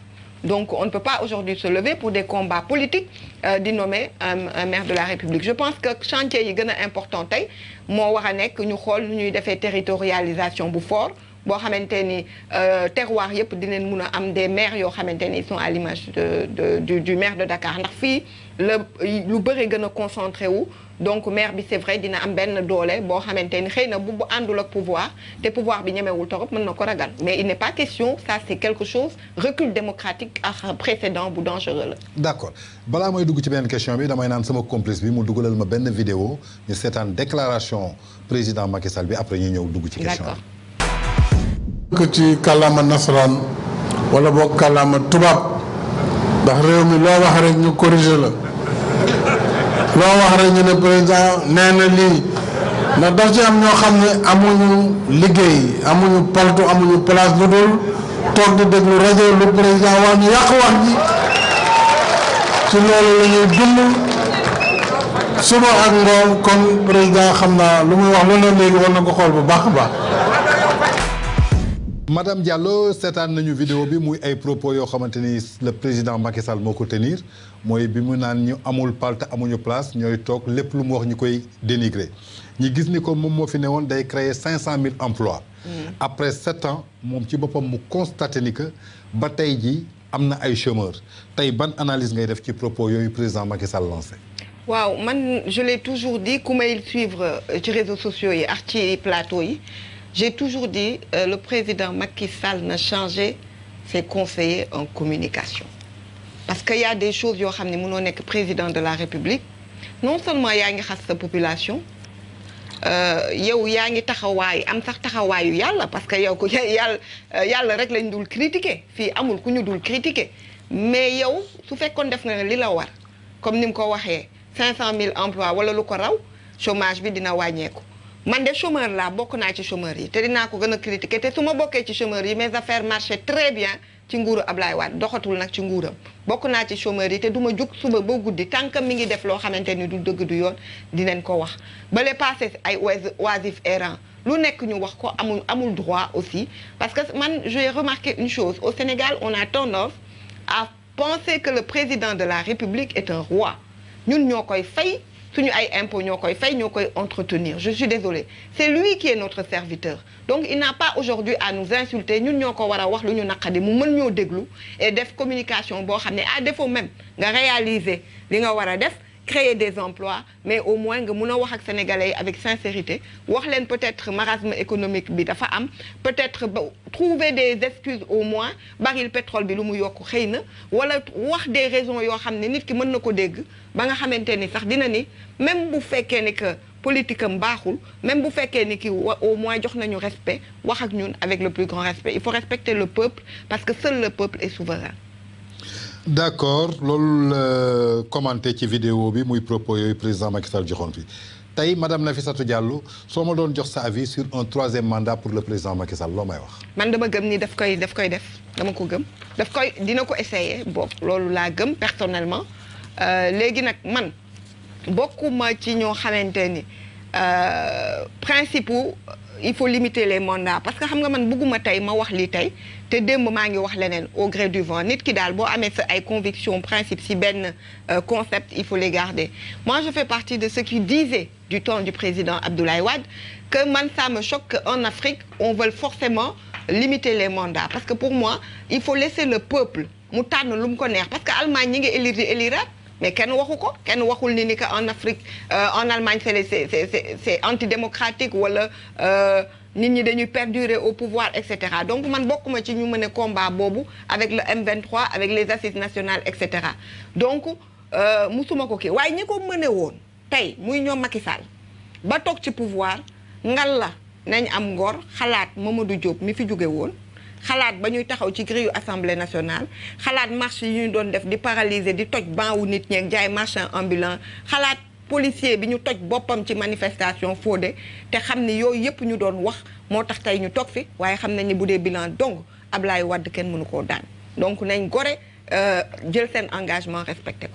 Donc on ne peut pas aujourd'hui se lever pour des combats politiques euh, di nommer un, maire de la République je pense que chantier yi gën a important tey moo war a nekk ñu xool nu ñuy defee territorialisation bu fort boo xamante ni euh, terroir yëpp dinañ mun a am des maires yoo xamante ni ils sont de, de du, du maire de Dakar ndax fii la lu bëri gën a concentré wu donc maire bi c'est vrai dina am benn doole boo xamante ni xëy na bu bu àndul ak pouvoir te pouvoir bi ñemewul torop mën na ko ragal mais il n'est pas question ça c'est quelque chose recul démocratique ak précédent bu dangereux la d'accord balaa mooy dugg ci beneen question bi damay naan sama complice bi mu dugalal ma benn vidéo ñu seetaan déclaration président Macky Sall bi après ñu ñëw dugg ci question bi ci kàllaama nasaraan wala boog kàllaama tubaab ndax réew mi loo wax ñu corrigé la loo wax ñu ne président nee na lii ndax daf ci am ñoo xam ne amuñu liggéey amuñu paltu amuñu place lu dul toog di déglu rajo lu président wax ñu yàq wax ji ci loolu la suba ak ngoon kon xam naa lu muy wax lu ne léegi war na ko xool bu baax a baax. madame Diallo seetaan nañu video bi muy ay propos yoo xamante ni le président Macky Sall moo ko tenir mooy bi mu naan ñu amul palte amuñu place ñooy toog lépp lu mu wax ñu koy dénigrer ñi gis ni ko moom moo fi woon day créer cinq cent mille emplois mm. après sept ans moom ci boppam mu constaté ni que ba tey ji am na ay chômeurs tey ban analyse ngay def ci propos yooyu président Macky Sall lancé waaw man je l'ai toujours dit ku may suivre ci réseaux sociaux yi ak ci plateau yi J'ai toujours dit, euh, le président Macky Sall na changé ses conseillers en communication. parce que y a des choses yoo xam ne mënoo nekk président de la république non seulement yaa ngi xas sa population euh, yow yaa ngi taxawaay am sax taxawaayu yàlla parce que yow ko *laughs* yàlla euh, yàlla rek lañ dul critiquer fii amul ku ñu dul critiquer mais yow su fekkoon def nga ne li la war comme ni mu ko waxee 500000 emplois wala lu ko raw chômage bi dina wàññeeku. man de chômeur laa bokk naa ci chômeur yi te dinaa ko gën a critiquer te su ma bokkee ci chômeur yi mes affaires marchaient très bien ci nguuru Ablaye Wade doxatul nag ci nguuram bokk naa ci chômeur yi te du ma jug suba ba guddi tànkam mi ngi def loo xamante ni du dëgg du yoon di dinañ ko wax bale passé ay oisif errant lu nekk ñu wax ko amul amul droit aussi parce que man j'ai remarqué une chose au Sénégal on a tendance à penser que le président de la République est un ñun ñoo koy fay suñu ay impôts ñoo koy fay ñoo koy entretenir je suis désolé c'est lui qui est notre serviteur donc il n'a pas aujourd'hui à nous insulter ñun ñoo ko war a wax lu ñu naqadi mu mën ñoo déglu et def communication boo xam ne à défaut même nga réaliser li nga war a def créer des emplois mais au moins nga mun a wax ak sénégalais yi avec sincérité wax leen peut-être marasme économique bi dafa am peut-être ba trouver des excuses au moins baril pétrole bi lu mu yokk xëy na wala wax des raisons yoo xam ne nit ki mën na ko dégg ba nga xamante ni sax dina ni même bu fekkee ni que politique am baaxul même bu fekkee ni ki au moins jox nañu respect wax ak ñun avec le plus grand respect il faut respecter le peuple parce que seul le peuple est souverain d' accord loolu la commenté ci vidéo bi muy propos yooyu président Macky Sall joxoon fi tey madame Nafissatou Diallo soo ma doon jox sa avis sur un troisième mandat pour le président Macky Sall loo may wax. man dama gëm ni daf koy daf koy def dama ko gëm daf koy dina ko essayer bon loolu laa gëm personnellement euh, léegi nag man bokkuma ci ñoo xamante ni euh, principe il faut limiter les mandats parce que xam nga man bëgguma tey ma wax lii tey te démb maa ngi wax leneen au gré du vent nit ki daal boo amee sa ay convictions principes si ben euh, concept il faut les garder moi je fais partie de ceux qui disaient du temps du président Abdoulaye Wade que man ça me choque qu'en Afrique on veut forcément limiter les mandats parce que pour moi il faut laisser le peuple mu tànn lu mu ko neex parce que Allemagne ñi ngi élire éliraat mais kenn waxu ko kenn waxul ni ni que en Afrique euh, en Allemagne c'est c'est c'est c'est antidémocratique wala euh, nit ñi dañuy perdurer au pouvoir et cetera donc man bokkuma ci ñu mën a boobu avec le M23 avec les assises nationales et cetera donc euh, musuma ko kii waaye ñi ko mëne woon tey muy ñoom Macky Sall ba toog ci pouvoir ngal la nañ am ngor xalaat Mamadou Diop mi fi jóge woon xalaat ba ñuy taxaw ci grille assemblée nationale xalaat marché yu ñu doon def di paralyser di toj baawu nit ñeeg jaay marchand ambulant xalaat policier bi ñu toj boppam ci manifestation Fodé te xam ni yooyu yëpp ñu doon wax moo tax tey ñu toog fi waaye xam nañ ni bu dee bilan dong ab Ablaye wadd kenn mënu koo daan donc nañ gore euh, jël seen engagement respecté ko.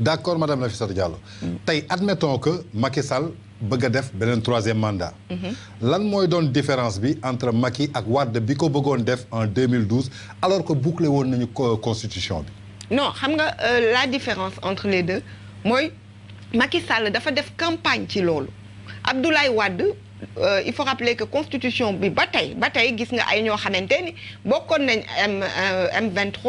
d'accord madame Nafissatou Diallo. Mm. tey admettons que Macky Sall bëgg a def beneen troisième mandat. lan mooy doon différence bi entre Macky ak Wade bi ko bëggoon def en 2012 alors que bouclé woon nañu constitution bi. non xam nga euh, la différence entre les deux mooy Macky Sall dafa def campagne ci loolu Abdoulaye Wade. Euh, il faut rappeler que constitution bi ba tey ba tey gis nga ay ñoo xamante ni bokkoon nañ M euh, M23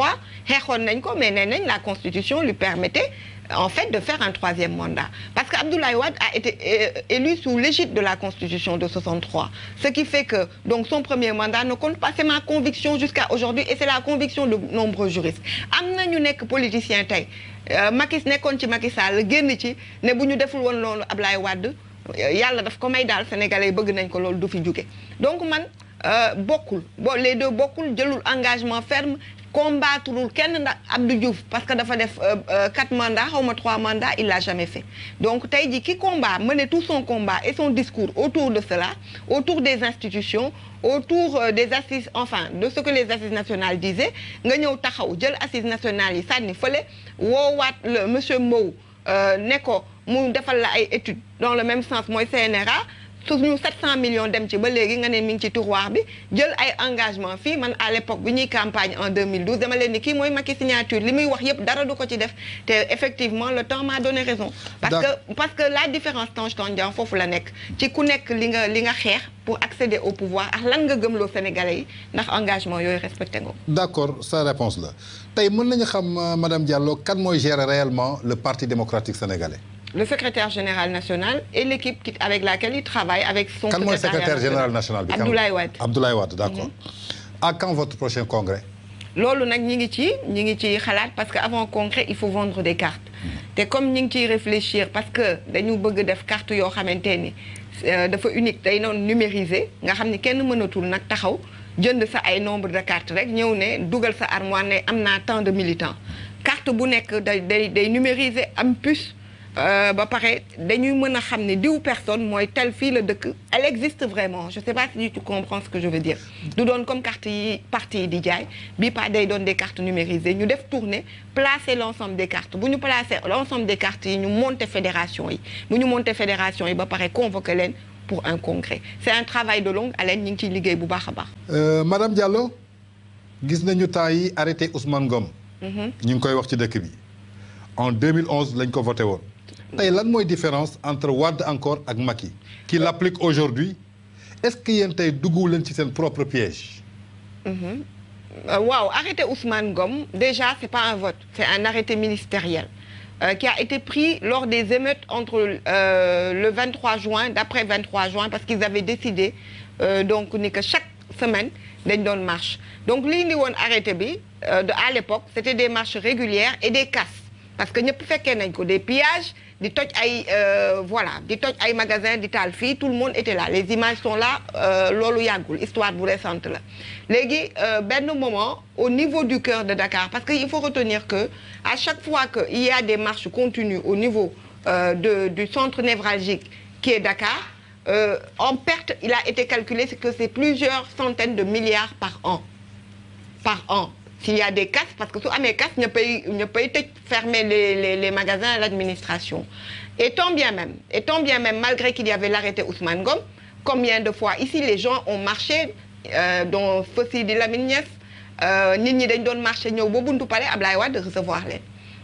xeexoon nañ ko mais neen nañ la constitution lui permettait en fait, de faire un troisième mandat. Parce qu'Abdoulaye Wade a été euh, élu sous l'égide de la Constitution de 63. Ce qui fait que donc, son premier mandat ne compte pas. C'est ma conviction jusqu'à aujourd'hui et c'est la conviction de nombreux juristes. am na ñu nekk politicien tey euh, Macky nekkoon ci Macky Sall génn ci ne bu ñu deful woon loolu Abdoulaye Wade yàlla def ko may daal sénégalais yi bëgg nañ ko loolu du fi jóge donc man euh, bokul bo les deux bokkul jëlul engagement ferme combattrul kenn ndax Abdou Diouf parce que dafa def euh, euh, quatre mandats xaw ma trois mandats il l'a jamais fait donc tey jii ki combat mené tout son combat et son discours autour de cela autour des institutions autour euh, des assises enfin de ce que les assises nationales disaient nga ñëw taxaw jël assises nationales yi sànni fële woowaat le monsieur Mbow ne ko mu defal la ay études dans le même sens mooy CNRA suñu 700 millions dem ci ba léegi nga ne mi ngi ci tiroir bi jël ay engagement fii man à l'époque bi ñuy campagne en 2012 dama leen ni kii mooy Macky signature li muy wax yépp dara du ko ci def te effectivement le temps m'a donné raison parce que parce que la différence Tange Tandian foofu la nekk ci ku nekk li nga li nga xeex pour accéder au pouvoir ak lan nga gëmloo Sénégalais yi ndax engagement yooyu respecté nga d'accord sa réponse la tey mën nañu xam euh, madame Diallo kan mooy gérer réellement le Parti démocratique sénégalais le secrétaire général national et l'équipe qui avec laquelle il travaille avec son. Quand secrétaire, secrétaire général national bi Abdoulaye Wade Abdoulaye Wade d'accord. Mhm. À quand votre prochain congrès. loolu nag ñi ngi ci ñi ngi ciy xalaat parce que avant congrès il faut vendre des cartes. Mhm. te comme ñi ngi ciy réfléchir parce que dañoo bëgg def carte yoo xamante ni euh, dafa unique day noonu numérisé nga xam ni kenn mënatul nag taxaw jënd sa ay nombre de cartes rek ñëw ne dugal sa armoire am naa tant de militants carte bu nekk day day day numérisé am puce. Euh, ba pare dañuy mën a xam ne diw personne mooy tel fii la dëkk elle existe vraiment je sais pas si tu comprends ce que je veux dire du doon comme carte yi parti yi di jaay bii pas day doon des cartes numérisées ñu def tournée placer l'ensemble des cartes bu ñu placer l'ensemble des cartes yi ñu monter fédération yi bu ñu monter fédération yi ba pare convoquer leen pour un congrès c'est un travail de longue haleine ñu ngi ciy liggéey bu baax a baax euh, Madame Diallo gis nañu temps yi arrêté Ousmane Ngom mm-hmm. ñu ngi koy wax ci dëkk bi en 2011 lañ ko voté woon tey lan mooy différence entre Wade encore ak Macky qui l'applique aujourd'hui est-ce que yéen tey duggu leen ci seen propre piège mhm. euh, waaw arrêté Ousmane Ngom déjà c'est pas un vote c'est un arrêté ministériel Euh, qui a été pris lors des émeutes entre euh, le 23 juin d'après 23 juin parce qu'ils avaient décidé euh, donc ni que chaque semaine dañ doon marche donc li indi woon arrêté bi euh, de à l'époque c'était des marches régulières et des casses parce que ñëpp fekkee nañ ko des pillages di toj ay euh, voilà di toj ay magasin di taal fii tout le monde était là les images sont là euh, loolu yàggul histoire bu récente la léegi euh, benn moment au niveau du cœur de Dakar parce que il faut retenir que à chaque fois que y a des marches continues au niveau euh, de du centre névralgique qui est Dakar euh, en perte il a été calculé que c'est plusieurs centaines de milliards par an par an s'il y a des casses parce que su amee casse ñëppay ñëppay tëj fermer les les les magasins et l'administration et tant bien même et tant bien même malgré qu'il y avait l'arrêté Ousmane Ngom combien de fois ici les gens ont marché euh, dont feu Sidi Lamine Niass euh, nit ñi dañ doon marché ñëw ba buntu palais Ablaye Wade recevoir leen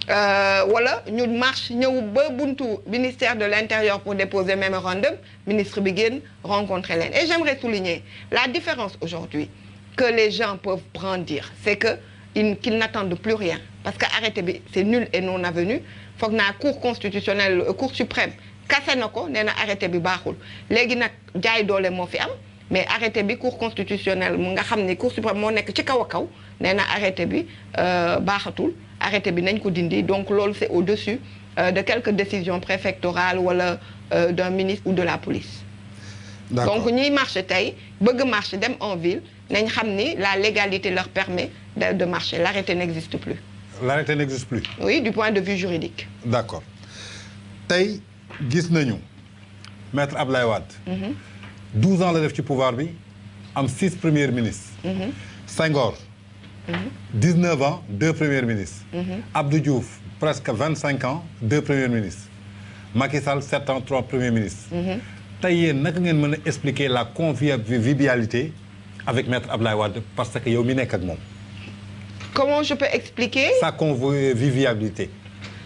euh, wala ñu marche ñëw ba buntu ministère de l'intérieur pour déposer mémorandum ministre bi génn rencontrer leen et j'aimerais souligner la différence aujourd'hui que les gens peuvent brandir c'est que qu'ils qu n'attendent plus rien parce que arrêté bi c'est nul et non avenu foog naa cour constitutionnelle euh, cour suprême kase na ko nee na arrêté bi baaxul léegi nag jaay doole moo fi am mais arrêté bi cour constitutionnelle mu nga xam ni cour suprême moo nekk ci kaw a kaw nee na arrêté bi euh, baaxatul arrêté bi nañ ko dindi donc loolu c'est au-dessus euh, de quelques décisions préfectorales wala d'un ministre ou de la police tey bëgg marché dem en ville nañ xam ni la légalité leur permet de, de marcher l'arrêté n'existe plus l'arrêté n'existe plus oui du point de vue juridique d'accord tey gis nañu maître Ablaye Wade mm -hmm. 12 ans la def ci pouvoir bi am 6 premiers ministres mm -hmm. Senghor mm -hmm. 19 ans deux premiers ministres mhm. Abdou Diouf presque 25 ans deux premiers ministres Macky Sall 7 ans mhm. naka ngeen mën a expliquer la convivialité avec maître Ablaye Wade parce que yow mi nekk ak moom. comment je peux expliquer. sa convivialité.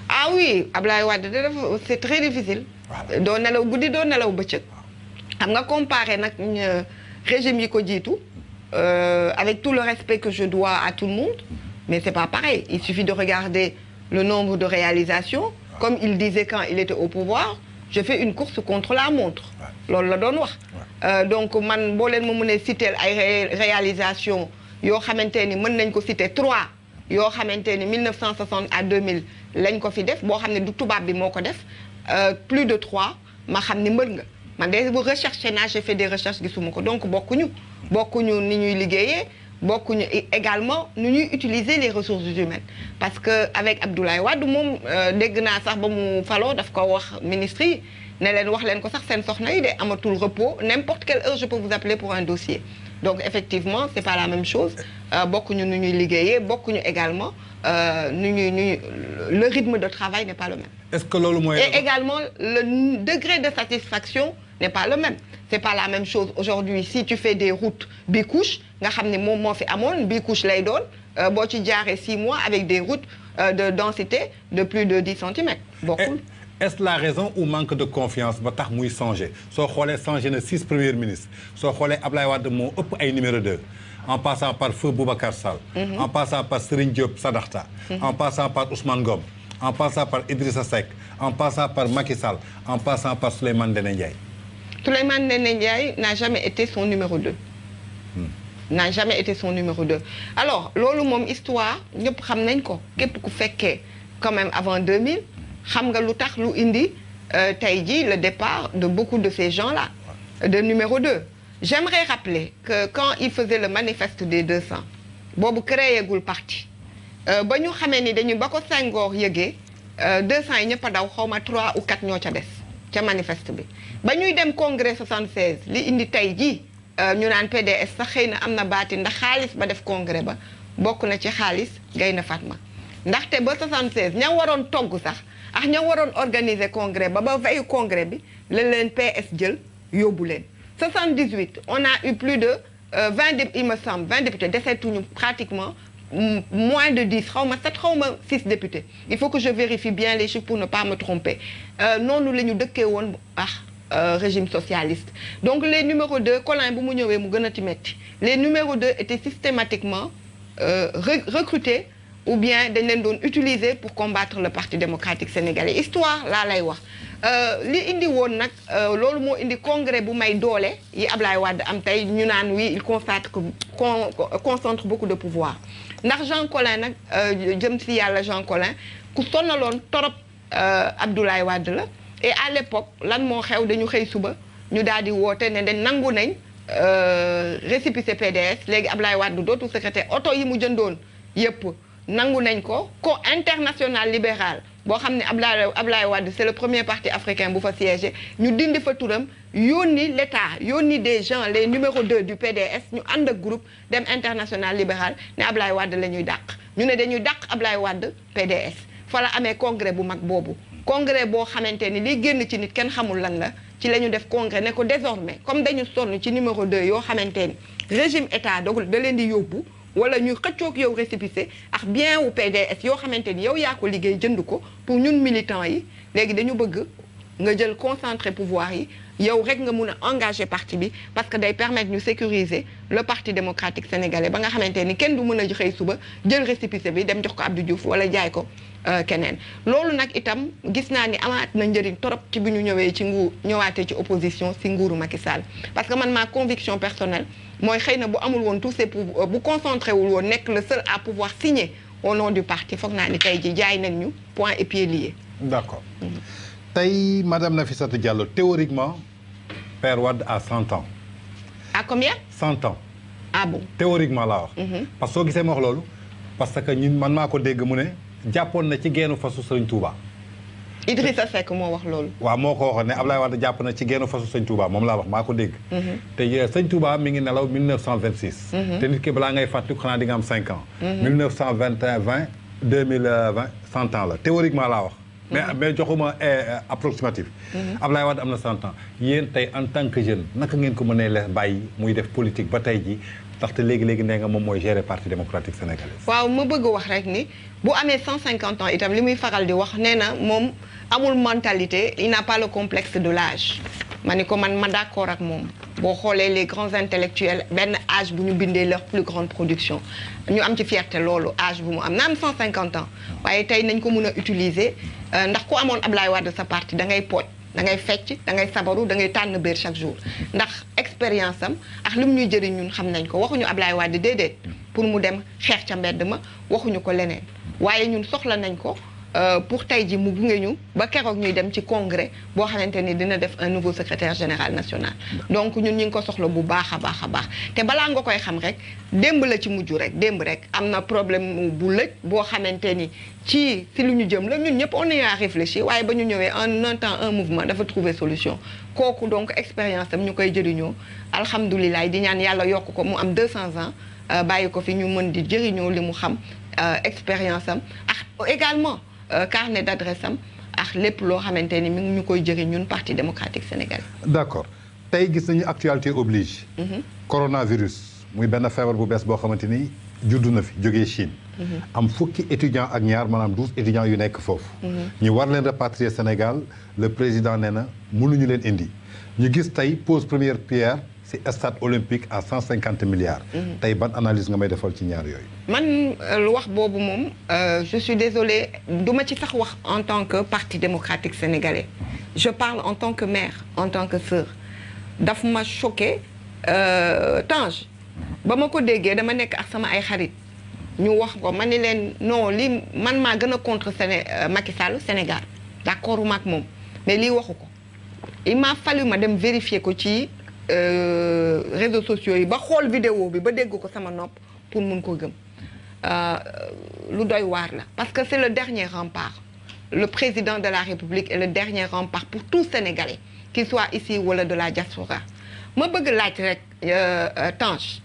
ah oui Ablaye Wade da dafa c'est très difficile. voilà doo nelaw guddi doo nelaw bëccëg. xam nga comparé nag euh, régime yi ko jiitu. Euh, avec tout le respect que je dois à tout le monde. mais c'est pas pareil il suffit de regarder le nombre de réalisations. comme il disait quand il était au pouvoir. je une course contre la montre. loolu la doon wax. Euh, donc man boo leen ma mënee citer ay réalisation yoo xamante ni mën nañ ko citer trois yoo xamante cent 1960 à deux mille lañ ko fi def boo xam ne du tubaab bi moo ko def euh, plus de trois ma xam ni mbër nga man de bu recherché naa j'ai fait des recherches gisuma ko donc bokkuñu. bokkuñu ni ñuy liggéeyee. bokkuñu également nu ñuy utiliser les ressources humaines parce que avec Abdoulaye Wade moom euh, dégg naa sax ba mu faloo daf ko wax ministre yi ne leen wax leen ko sax seen soxna yi de amatul repos n'importe quelle heure je peux vous appeler pour un dossier donc effectivement c'est pas la même chose euh, bokkuñu nu ñuy liggéeyee bokkuñu également euh, nu ñuy nu le rythme de travail n'est pas le même. que loolu mooy. et également le degré de satisfaction n'est pas le même. c'est pas la même chose aujourd'hui si tu fais des routes bicouche nga xam ne moom moo fi amoon bicouche lay doon euh, boo ci jaaree 6 mois avec des routes euh, de densité de plus de dix centimètres bokkul eh, est-ce la raison ou manque de confiance ba tax muy changé soo xoolee changé na six premiers ministres soo xoolee Ablaye Wade moo ëpp ay numéro 2 en passant par Feu Boubacar Sall mhm. en passant par Serigne Diop Sadakhta mhm. en passant par Ousmane Ngom en passant par Idrissa Seck en passant par Macky Sall en passant par Souleymane Ndéné Ndiaye Souleymane Ndéné Ndiaye n'a jamais été son numéro 2. Hmm. n'a jamais été son numéro 2 alors loolu moom histoire ñëpp xam nañ ko képp ku fekkee quand même avant 2000 xam nga lu tax lu indi euh, tey jii le départ de beaucoup de ces gens-là de numéro 2 j'aimerais rappeler que quand il faisait le manifeste des 200 boobu gul parti euh, ba ñu xamee ni dañu ba ko Senghor yëgee 200 euh, yi ñëpp a daw xaw ma 3 ou quatre ñoo ca des ca manifeste bi ba ñuy dem congrès 76 li indi tey ji euh, ñu naan PDS sax xëy na am na baati ndax xaalis ba def congrès ba bokk na ci xaalis Gaynde ma ndaxte ba 76 ña waroon togg sax ak ña waroon organiser congrès ba ba veyu congrès bi lañ leen PS jël yóbbu leen 78 on a eu plus de 20 euh, députés il me semble 20 députés deseetuñu pratiquement moins de 10, six députés. Il faut que je vérifie bien les chiffres pour ne pas me tromper. non, nous les avons régime socialiste. Donc les numéros 2, Colin Boumounyoué, les numéros 2 étaient systématiquement euh, recrutés ou bien dañ leen doon utiliser pour combattre le parti démocratique sénégalais histoire la lay wax euh, li indi woon nag euh, loolu moo indi congrès bu may doole yi Ablaye Wade am tey ñu naan oui il constate que concentre de pouvoir ndax Jean Collin nag euh, jëm si yàlla Jean Collin ku sonnaloon torop euh, Abdoulaye Wade la et à l'époque lan moo xew dañu xëy suba ñu daal di woote ne dañ nangu nañ euh, récépissé PDS léegi Abdoulaye Wade dootu secrétaire oto yi mu jëndoon yëpp nangu nañ ko ko international libéral boo xam ne Abdoulaye Abdoulaye Wade c'est le premier parti africain bu fa siégé ñu dindi fa turam yónni l' état yónni des gens les numéro 2 du PDS ñu ànd ak groupe dem international libéral ne Ablaye Wade la ñuy dàq ñu ne dañuy dàq Ablaye wadd PDS fa la amee congrès bu mag boobu congrès boo xamante ni liy génn ci nit kenn xamul lan la ci la ñu def congrès ne ko désormais comme dañu sonn ci numéro 2 yoo xamante ni régime état dogul da di yóbbu wala ñuy xëccoog yow récépissé ak bien wu PDS yoo xamante ni yow yaa ko liggéey jënd ko pour ñun militants yi léegi dañu bëgg nga jël concentré pouvoir yi yow rek nga mun a engagé parti bi parce que day permettre ñu sécuriser le parti démocratique sénégalais ba nga xamante ni kenn du mën a xëy suba jël récépissé bi dem jox ko Abdou Diouf wala jaay ko euh, keneen. loolu nag itam gis naa ni amaat na njëriñ torop ci bu ñu ñëwee ci nguur ñëwaatee ci opposition si nguuru Macky Sall parce que man ma conviction personnelle mooy xëy na bu amul woon tous ces pouvoirs euh, bu concentré wul woon nekk le seul à pouvoir signer au nom du parti foog naa ni tey ji jaay nañ ñu point et pied lié. d'accord tey madame Nafissatou Diallo théoriquement. Père Wade à 100 ans. a ah combien. 100 ans. théoriquement laa wax. Mhm. parce que soo gisee ma wax loolu. parce que man maa ko dégg mu ne jàppoon na ci geenu fasu sëñ Touba. Idrissa Seck moo wax loolu. waaw moo ko waxoon ne Ablaye Wade jàpp moom laa wax maa ko dégg. Mhm. te euh, sëñ Touba mi ngi nelaw 1926. Mhm. te nit ki balaa ngay fàttaliku xanaa di am 5 ans. la théoriquement laa wax. mais mais joxuma eh, approximatif. Mhm. Ablaye Wade am na 100 ans yéen tey en tant que jeune naka ngeen ko mën a leen bàyyi muy def politique ba tey ji ndaxte léegi léegi nee nga moom mooy gérer parti démocratique sénégalais. waaw ma bëgg wax rek ni bu amee cinquante ans itam li muy faral di wax nee na moom amul mentalité il n'a pas le complexe de lage ma ni ko man ma d'accord ak moom boo xoolee les grands intellectuels benn âge bu ñu bindee leur plus grande production ñu am ci fierté loolu âge bu mu am na am 150 ans ah. waaye tey nañ ko mën a utiliser. Euh, ndax ku amoon Ablaye Wade sa parti da ngay pooj dangay fecc da ngay sabaru dangay ngay tànn béer chaque jour ndax expérience am ax lu mu ñuy jëriñ ñun xam nañ ko waxuñu Ablaye Wade déedéet pour mu dem xeex ca mbedd ma waxuñu ko leneen waaye ñun soxla nañ ko Euh, pour tey ji mu gunge ñu ba keroog ñuy dem ci congrès boo xamante ni dina def un nouveau secrétaire général national donc ñun ñu ngi ko soxla bu baax a baax a baax te balaa nga koy xam rek démb la ci mujj rek démb rek am na problème bu lëj boo xamante ni ci si lu ñu jëm la ñun ñëpp on est à waaye ba ñu ñëwee en un temps un mouvement dafa trouver solution kooku donc expérience am ñu koy jëriñoo alhamdulilah di ñaan yàlla yokk ko mu am 200 ans euh, bàyyi ko fi ñu mën di jëriñoo li mu xam euh, expérience am Euh, carnet d'adresse am ak lépp loo xamante ni mi ngi ñu koy jëriñ ñun parti démocratique sénégalais. d'accord tey gis nañu actualité oblige. Mhm. coronavirus muy benn feebar bu bees boo xamante ni juddu na fi jógee Chine. Mhm. am fukki étudiants ak ñaar maanaam douze étudiants yu nekk foofu. Mhm. ñu war leen rapatrier Sénégal le président nee na mënuñu leen indi ñu gis tey pose première pierre. si stade olympique à cent cinquante milliards. Mhm. tey ban analyse nga may defal ci ñaar yooyu. man euh, wax boobu moom euh, je suis désolée du ma ci tax wax en tant que parti démocratique sénégalais je parle en tant que mère en tant que sœur daf ma choqué euh, Tange ba ma ko déggee dama nekk ak sama ay xarit ñu wax ko ma ni leen non lii man maa gën a contre Séné Macky Sall Sénégal d'accord maak moom mais lii waxu ko il m'a fallu ma dem vérifier ko ci. Euh, réseaux sociaux yi ba xool vidéo bi ba dégg ko sama nopp pour mun ko gëm euh, lu dooy waar la parce que c'est le dernier rempart le président de la République est le dernier rempart pour tout Sénégalais qu'il soit ici wala de la diaspora ma bëgg laaj rek euh, Tange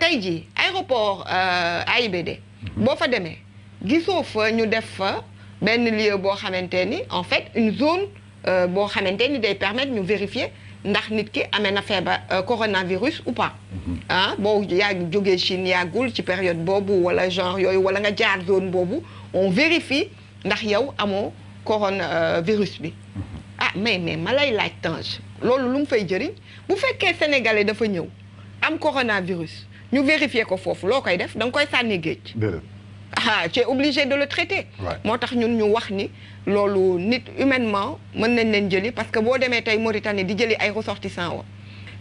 tey jii aéroport AIBD boo fa demee gisoo fa ñu def fa benn lieu boo xamante ni en fait une zone boo xamante ni day permettre ñu vérifier ndax nit ki amee na feebar euh, coronavirus ou pas mhm. ah boo yaa jógee Chine yàggul ci période boobu wala genre yooyu wala nga jaar zone boobu on vérifie ndax yow amoo coronavirus bi mhm. ah mais mais ma laaj Tange loolu lu mu fay jëriñ bu fekkee sénégalais dafa ñëw am coronavirus ñu vérifier ko foofu loo koy def da nga koy sànni géej ah tu es obligé de le traité moo tax ñun ñu wax ni loolu nit humainement mën nañ leen jëli parce que boo demee tey Mauritanie di jëli ay ressortissants wa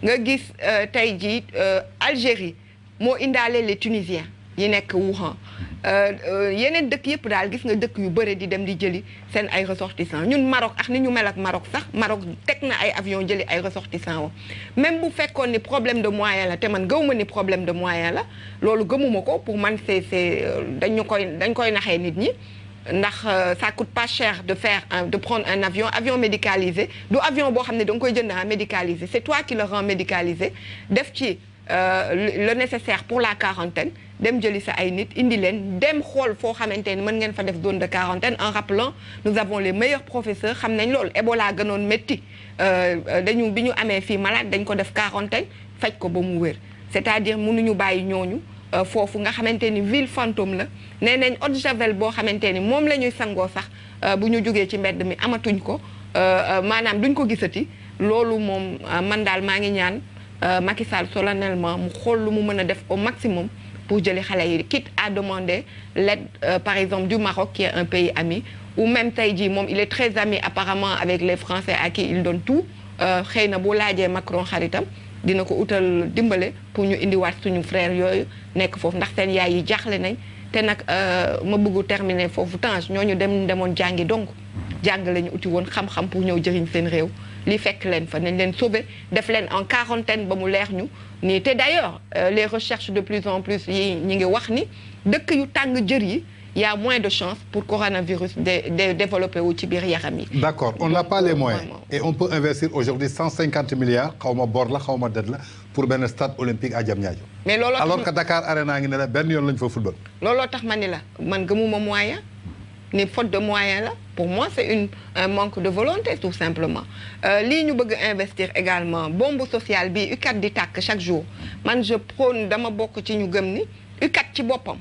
nga gis euh, tey jii euh, Algérie moo indaale les Tunisiens yi nekk Wuhan. Euh, euh, yeneen dëkk yëpp daal gis nga dëkk yu bëre di dem di jëli seen ay ressortissants ñun Maroc ak ni ñu mel ak Maroc sax Maroc teg na ay avion jëli ay ressortissants wam même bu fekkoon ni problème de moyen la te man gëw ma ni problème de moyen la loolu gëmuma ko pour man c'est c'est euh, dañu koy dañ koy naxee nit ñi ndax ça coûte pas cher de faire un, de prendre un avion avion médicalisé du avion boo xam ne da nga koy jënd ah, médicalisé c'est toi qui le médicalisé def ci Euh, le nécessaire pour la quarantaine dem jëli sa ay nit indi leen dem xool foo xamante ni mën ngeen fa def zone de quarantaine en rappelant nous avons les meilleurs professeurs xam nañ loolu Ebola gënoon métti euh, euh, dañu bi ñu amee fii malade dañ ko def quarantaine faj ko ba mu wér c'est-à-dire mënuñu bàyyi ñooñu foofu nga xamante ni ville fantôme la nee nañ eau de javel boo xamante ni moom la ñuy sangoo sax bu ñu jógee ci mbedd mi amatuñ ko maanaam duñ ko gisati loolu moom man daal maa ngi ñaan Euh, Macky Sall solennellement mu xool lu mu mën a def au maximum pour jëlee xale yi quitte à demander l'aide euh, par exemple du Maroc qui est un pays ami ou même tey jii moom il est très ami apparemment avec les Français à qui il donne tout euh, xëy na boo laajee Macron xaritam dina ko utal dimbale pour ñu indiwaat suñu frère yooyu nekk foofu ndax seen yaay yi jaaxle nañ te nag ma bëggu terminer foofu ñoo ñu dem demoon jàngi donc jàng la ñu uti woon xam-xam pour ñëw jëriñ seen réew li fekk leen fa nañ leen sauver def leen en quarantaine ba mu leer ñu nii te d'ailleurs euh, les recherches de plus en plus yi ñu ngi wax ni dëkk yu tàng jër yi y a moins de chances pour coronavirus de, de développer wu ci biir yaram yi. d'accord on n'a pas les moyens et on peut investir aujourd'hui milliards xaw ma bor la xaw ma dette la pour benn stade olympique à Diamniadio. mais looloo alors que Dakar Arena ngi ne la benn yoon lañ fa football. looloo tax ma ni la man gëmuma moyen. ni faute de moyens la pour moi c'est une un manque de volonté tout simplement euh, lii ñu bëgg investir également bombe social bi UCAD di tàkk chaque jour man je prône dama bokk ci ñu gëm ni UCAD ci boppam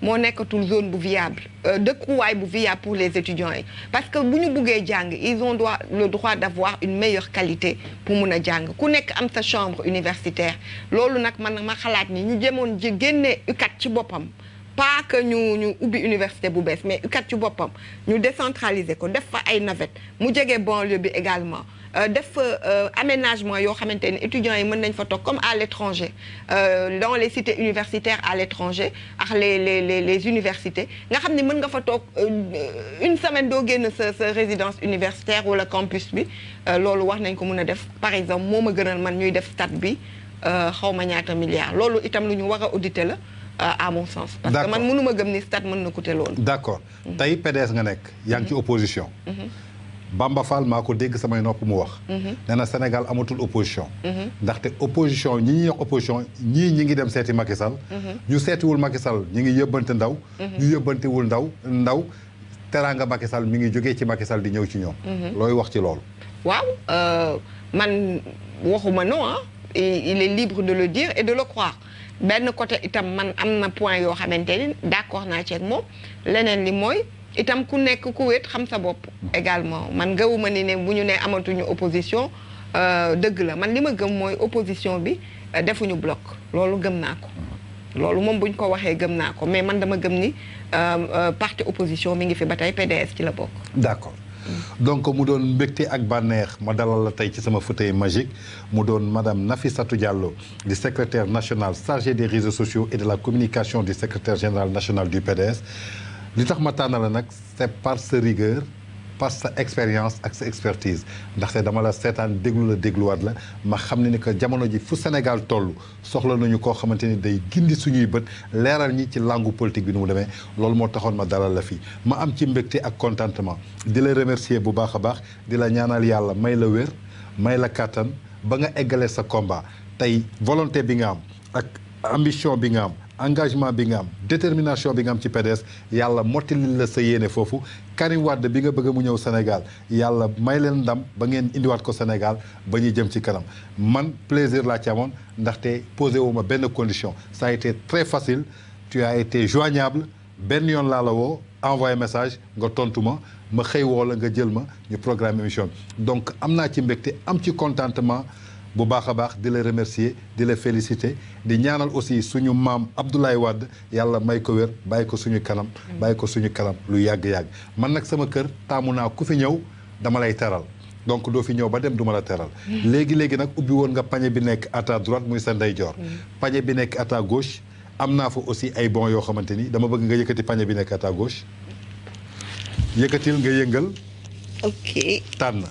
moo nekkatul zone bu viable euh, dëkkuwaay bu viable pour les étudiants yi parce que bu ñu buggee jàng ils ont droit le droit d'avoir une meilleure qualité pour mun a jàng ku nekk am sa chambre universitaire loolu nag man ma xalaat ni ñu jëmoon ji génnee UCAD ci boppam pas que ñu ñu ubbi université bu bees mais UCAD ci boppam ñu décentraliser ko def fa ay navette mu jege banlieue bi également euh, def fa euh, aménagement yoo xamante ne étudiants yi mën nañ fa toog comme à l'étranger euh, dans les cités universitaires à l'étranger ak les les les les universités nga xam ni mën nga fa toog une semaine doo génn sa sa résidence universitaire wala campus bi loolu wax nañ ko mun a def par exemple moo a gënal man ñuy def stade bi xaw ma ñaata milliards loolu itam lu ñu war a la Euh, à mon sens. parce que man mënu ma gëm ni stade mën na coûter loolu. d' accord mhm. tey PDS nga nekk. yaa ngi ci mhm. opposition. Mhm. Bamba Fall maa ko dégg samay nopp mu wax. nee na Sénégal amatul opposition. ndaxte opposition ñi ñuy wax opposition ñii ñi ngi dem seeti Macky Sall. ñu seetiwul Macky Sall ñi ngi yëbbante ndaw. ñu yëbbantewul ndaw ndaw teraanga Macky Sall mi ngi jógee ci Macky Sall di ñëw ci ñoom. looy wax ci loolu. waaw euh, man waxuma non ah. il est libre de le dire et de le croire benn côté itam man am na point yoo xamante ni d'accord naa ci moom leneen li mooy itam ku nekk ku wéet xam sa bopp également man gëwuma ni ne bu ñu nee amatuñu opposition euh, dëgg la man li ma gëm mooy opposition bi euh, defuñu bloc loolu gëm naa ko loolu moom buñ ko waxee gëm naa ko mais man dama gëm ni euh, parti opposition mu ngi fi ba tey PDS ci la bokk d'accord donc mu doon mbégte ak bànneex ma dalal la tey ci sama fauteuil magique mu doon madame Nafissatou Diallo di secretaire national chargé des réseaux sociaux et de la communication du secretaire général national du PDS li tax ma tànn nag c'est par sa rigueur par sa expérience ak sa expertise ndaxte dama la seetaan déglu la dégluwaat la ma xam ne ni que jamono ji fu Sénégal toll soxla nañu koo xamante ni day gindi suñuy bët leeral ñi ci langue politique bi nu mu demee loolu moo taxoon ma dalal la fii ma am ci mbégte ak contentement di la remercier bu baax a baax di la ñaanal yàlla may la wér may la kàttan ba nga eggalee sa combat tey volonté bi nga am ak ambition bi nga am engagement bi nga am détermination bi nga am ci PDS yàlla mottilil la sa yéene foofu Karim Wade bi nga bëgg mu ñëw Sénégal yàlla may leen ndam ba ngeen indiwaat ko Sénégal ba ñu jëm ci kanam man plaisir laa ci amoon ndaxte posé wu ma benn condition ça a été très facile tu as été joignable benn yoon laa woo envoyé message nga tontu ma ma xëy woo la nga jël ma ñu programme émission bi donc am naa ci mbégte am ci contentement bu baax a baax di la remercier di la féliciter di ñaanal aussi suñu maam Abdoulaye Wade yàlla may ko wér bàyyi ko suñu kanam mm. bàyyi ko suñu kanam lu yàgg-yàgg man nag sama kër taamu naa ku fi ñëw dama lay teral donc doo fi ñëw ba dem duma la teral mm. léegi-léegi nag ubbi woon nga pañe bi nekk à ta droite muy sa ndeyjoor mm. pañe bi nekk à ta gauche am naa fa aussi ay bons yoo xamante ni dama bëgg nga yëkkati pañe bi nekk à ta gauche yëkkatil nga yëngal ok tànn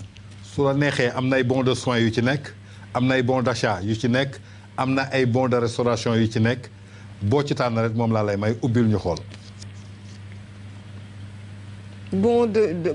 su la neexee am na ay bons de soins yu ci nekk am na ay bons d'achat yu ci nekk am na ay bons de restauration yu ci nekk boo ci tànn rek moom laa lay may ubbil ñu xool. bon de, de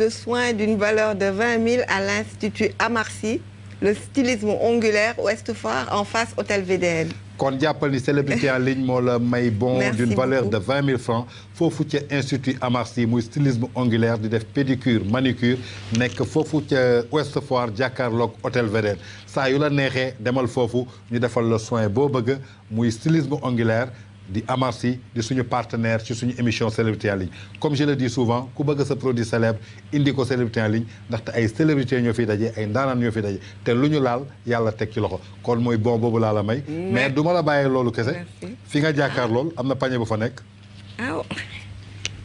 de soins d'une valeur de vingt mille à l'institut Amarcy le stylisme ongulaire Ouest Foire en face hôtel VDN. kon jàppale ni célébrité en ligne moo la may bon d'une valeur de vingt mille francs foofu ca institut Amarsi muy stylisme ongulaire di def pédicure manucure nekk foofu ca Ouest jàkkaarlook jàkkaarloog hôtel Védène saa yu la neexee demal foofu ñu defal la soin boo bëgg muy stylisme ongulaire di Amarsi di suñu partenaire ci suñu émission célébrité en ligne comme je le dis souvent ku bëgg sa produit célèbre indi ko célébrité en ligne ndaxte ay célébrité ñoo fii daje ay ndaanaan ñoo fiy daje te lu ñu laal yàlla teg ci loxo kon mooy bon boobu laa la may mais du ma la bàyyee loolu kese fi nga jàkkaar lool am na pañe bu fa nekk waaw ah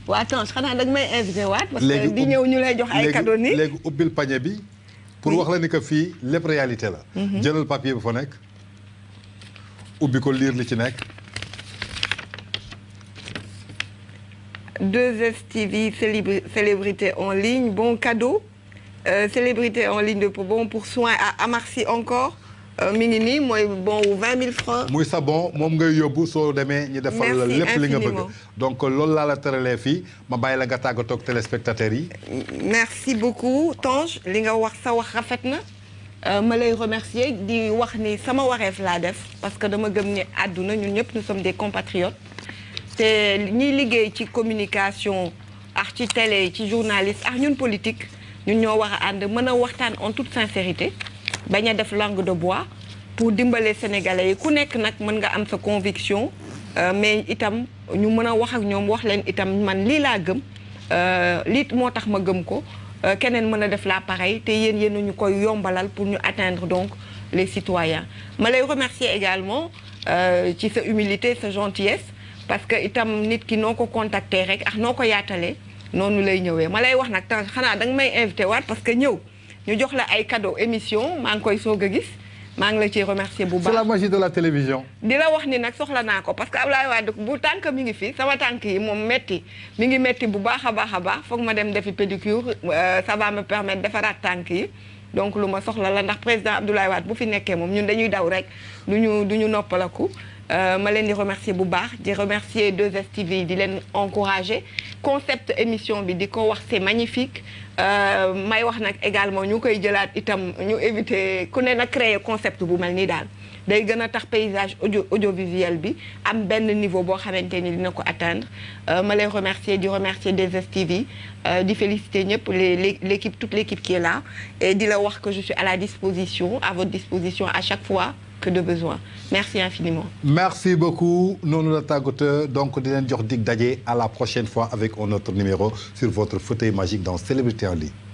waa Tange xanaa dag may invité waat ñu lay jox ay cadeau nii léegi ubbil pañe bi pour wax la ni que fii lépp réalité la mhm. jëlal papier bu fa nekk ubbi liir li ci nekk 2STV, célébrité en ligne, bon cadeau. Euh, célébrité en ligne de bon pour soin à Amarcy encore. Euh, mi ngi nii mooy bon wu vingt mille francs. muy sabon moom ngay yóbbu soo demee ñu defal la lépp li nga bëgg donc loolu laa la tëralee fii ma bàyyi la nga tàggatoo ak téléspectateurs yi. merci beaucoup Tange li nga wax sa wax rafet na euh, ma lay remercier di wax ni sama wareef laa def parce que dama gëm ne àdduna ñun ñëpp nous sommes des compatriotes. te ñiy liggéey ci communication ak ci télé ci journaliste ak ñun politique ñun ñoo war a ànd mën a waxtaan en toute sincérité bañ a def langue de bois pour dimbale sénégalais yi ku nekk nag mën nga am sa conviction euh, mais itam ñu mën a wax ak ñoom wax leen itam man lii laa gëm euh, lii moo tax ma gëm ko euh, keneen mën a def la pareil te yéen yéen ñu koy yombalal pour ñu atteindre donc les citoyens ma lay remercier également ci sa humilité sa gentillesse parce que itam nit ki noo ko contacter rek ak noo ko yaatalee noonu lay ñëwee ma lay wax nag temps xanaa danga may invité waat parce que ñëw ñu jox la ay cadeau émission maa ngi koy soog a gis maa ngi la ci remercier bu baax. c'est la magie de la wax ni nag soxla naa ko parce que Ablaye Wade bu tànk mi ngi fi sama tànk yi moom metti mi ngi metti bu baax a baax a baax foog ma dem defi pédicure euh, ça va me permettre defaraat tànk yi. donc lu ma soxla la ndax président Abdoulaye waat bu fi nekkee moom ñun dañuy daw rek du ñu du ñu noppalaku Euh, ma leen di remercier bu baax di remercier 2STV di leen encourager concept émission bi di ko wax c'est magnifique euh, may wax nag également ñu koy jëlaat itam ñu éviter ku ne na créer concept bu mel nii daal day gën a tax paysage audio audiovisuel bi am benn niveau boo xamante ni dina ko atteindre euh, ma lay remercier di remercier 2STV di féliciter ñëpp le l'équipe toute l'équipe qui est la et di la wax que je suis à la disposition à votre disposition à chaque fois que de besoin merci infiniment. merci beaucoup noonu la tàggatoo donc di leen jox dig daje à la prochaine fois avec un autre numéro sur votre fauteuil magique dans Célébrité en ligne.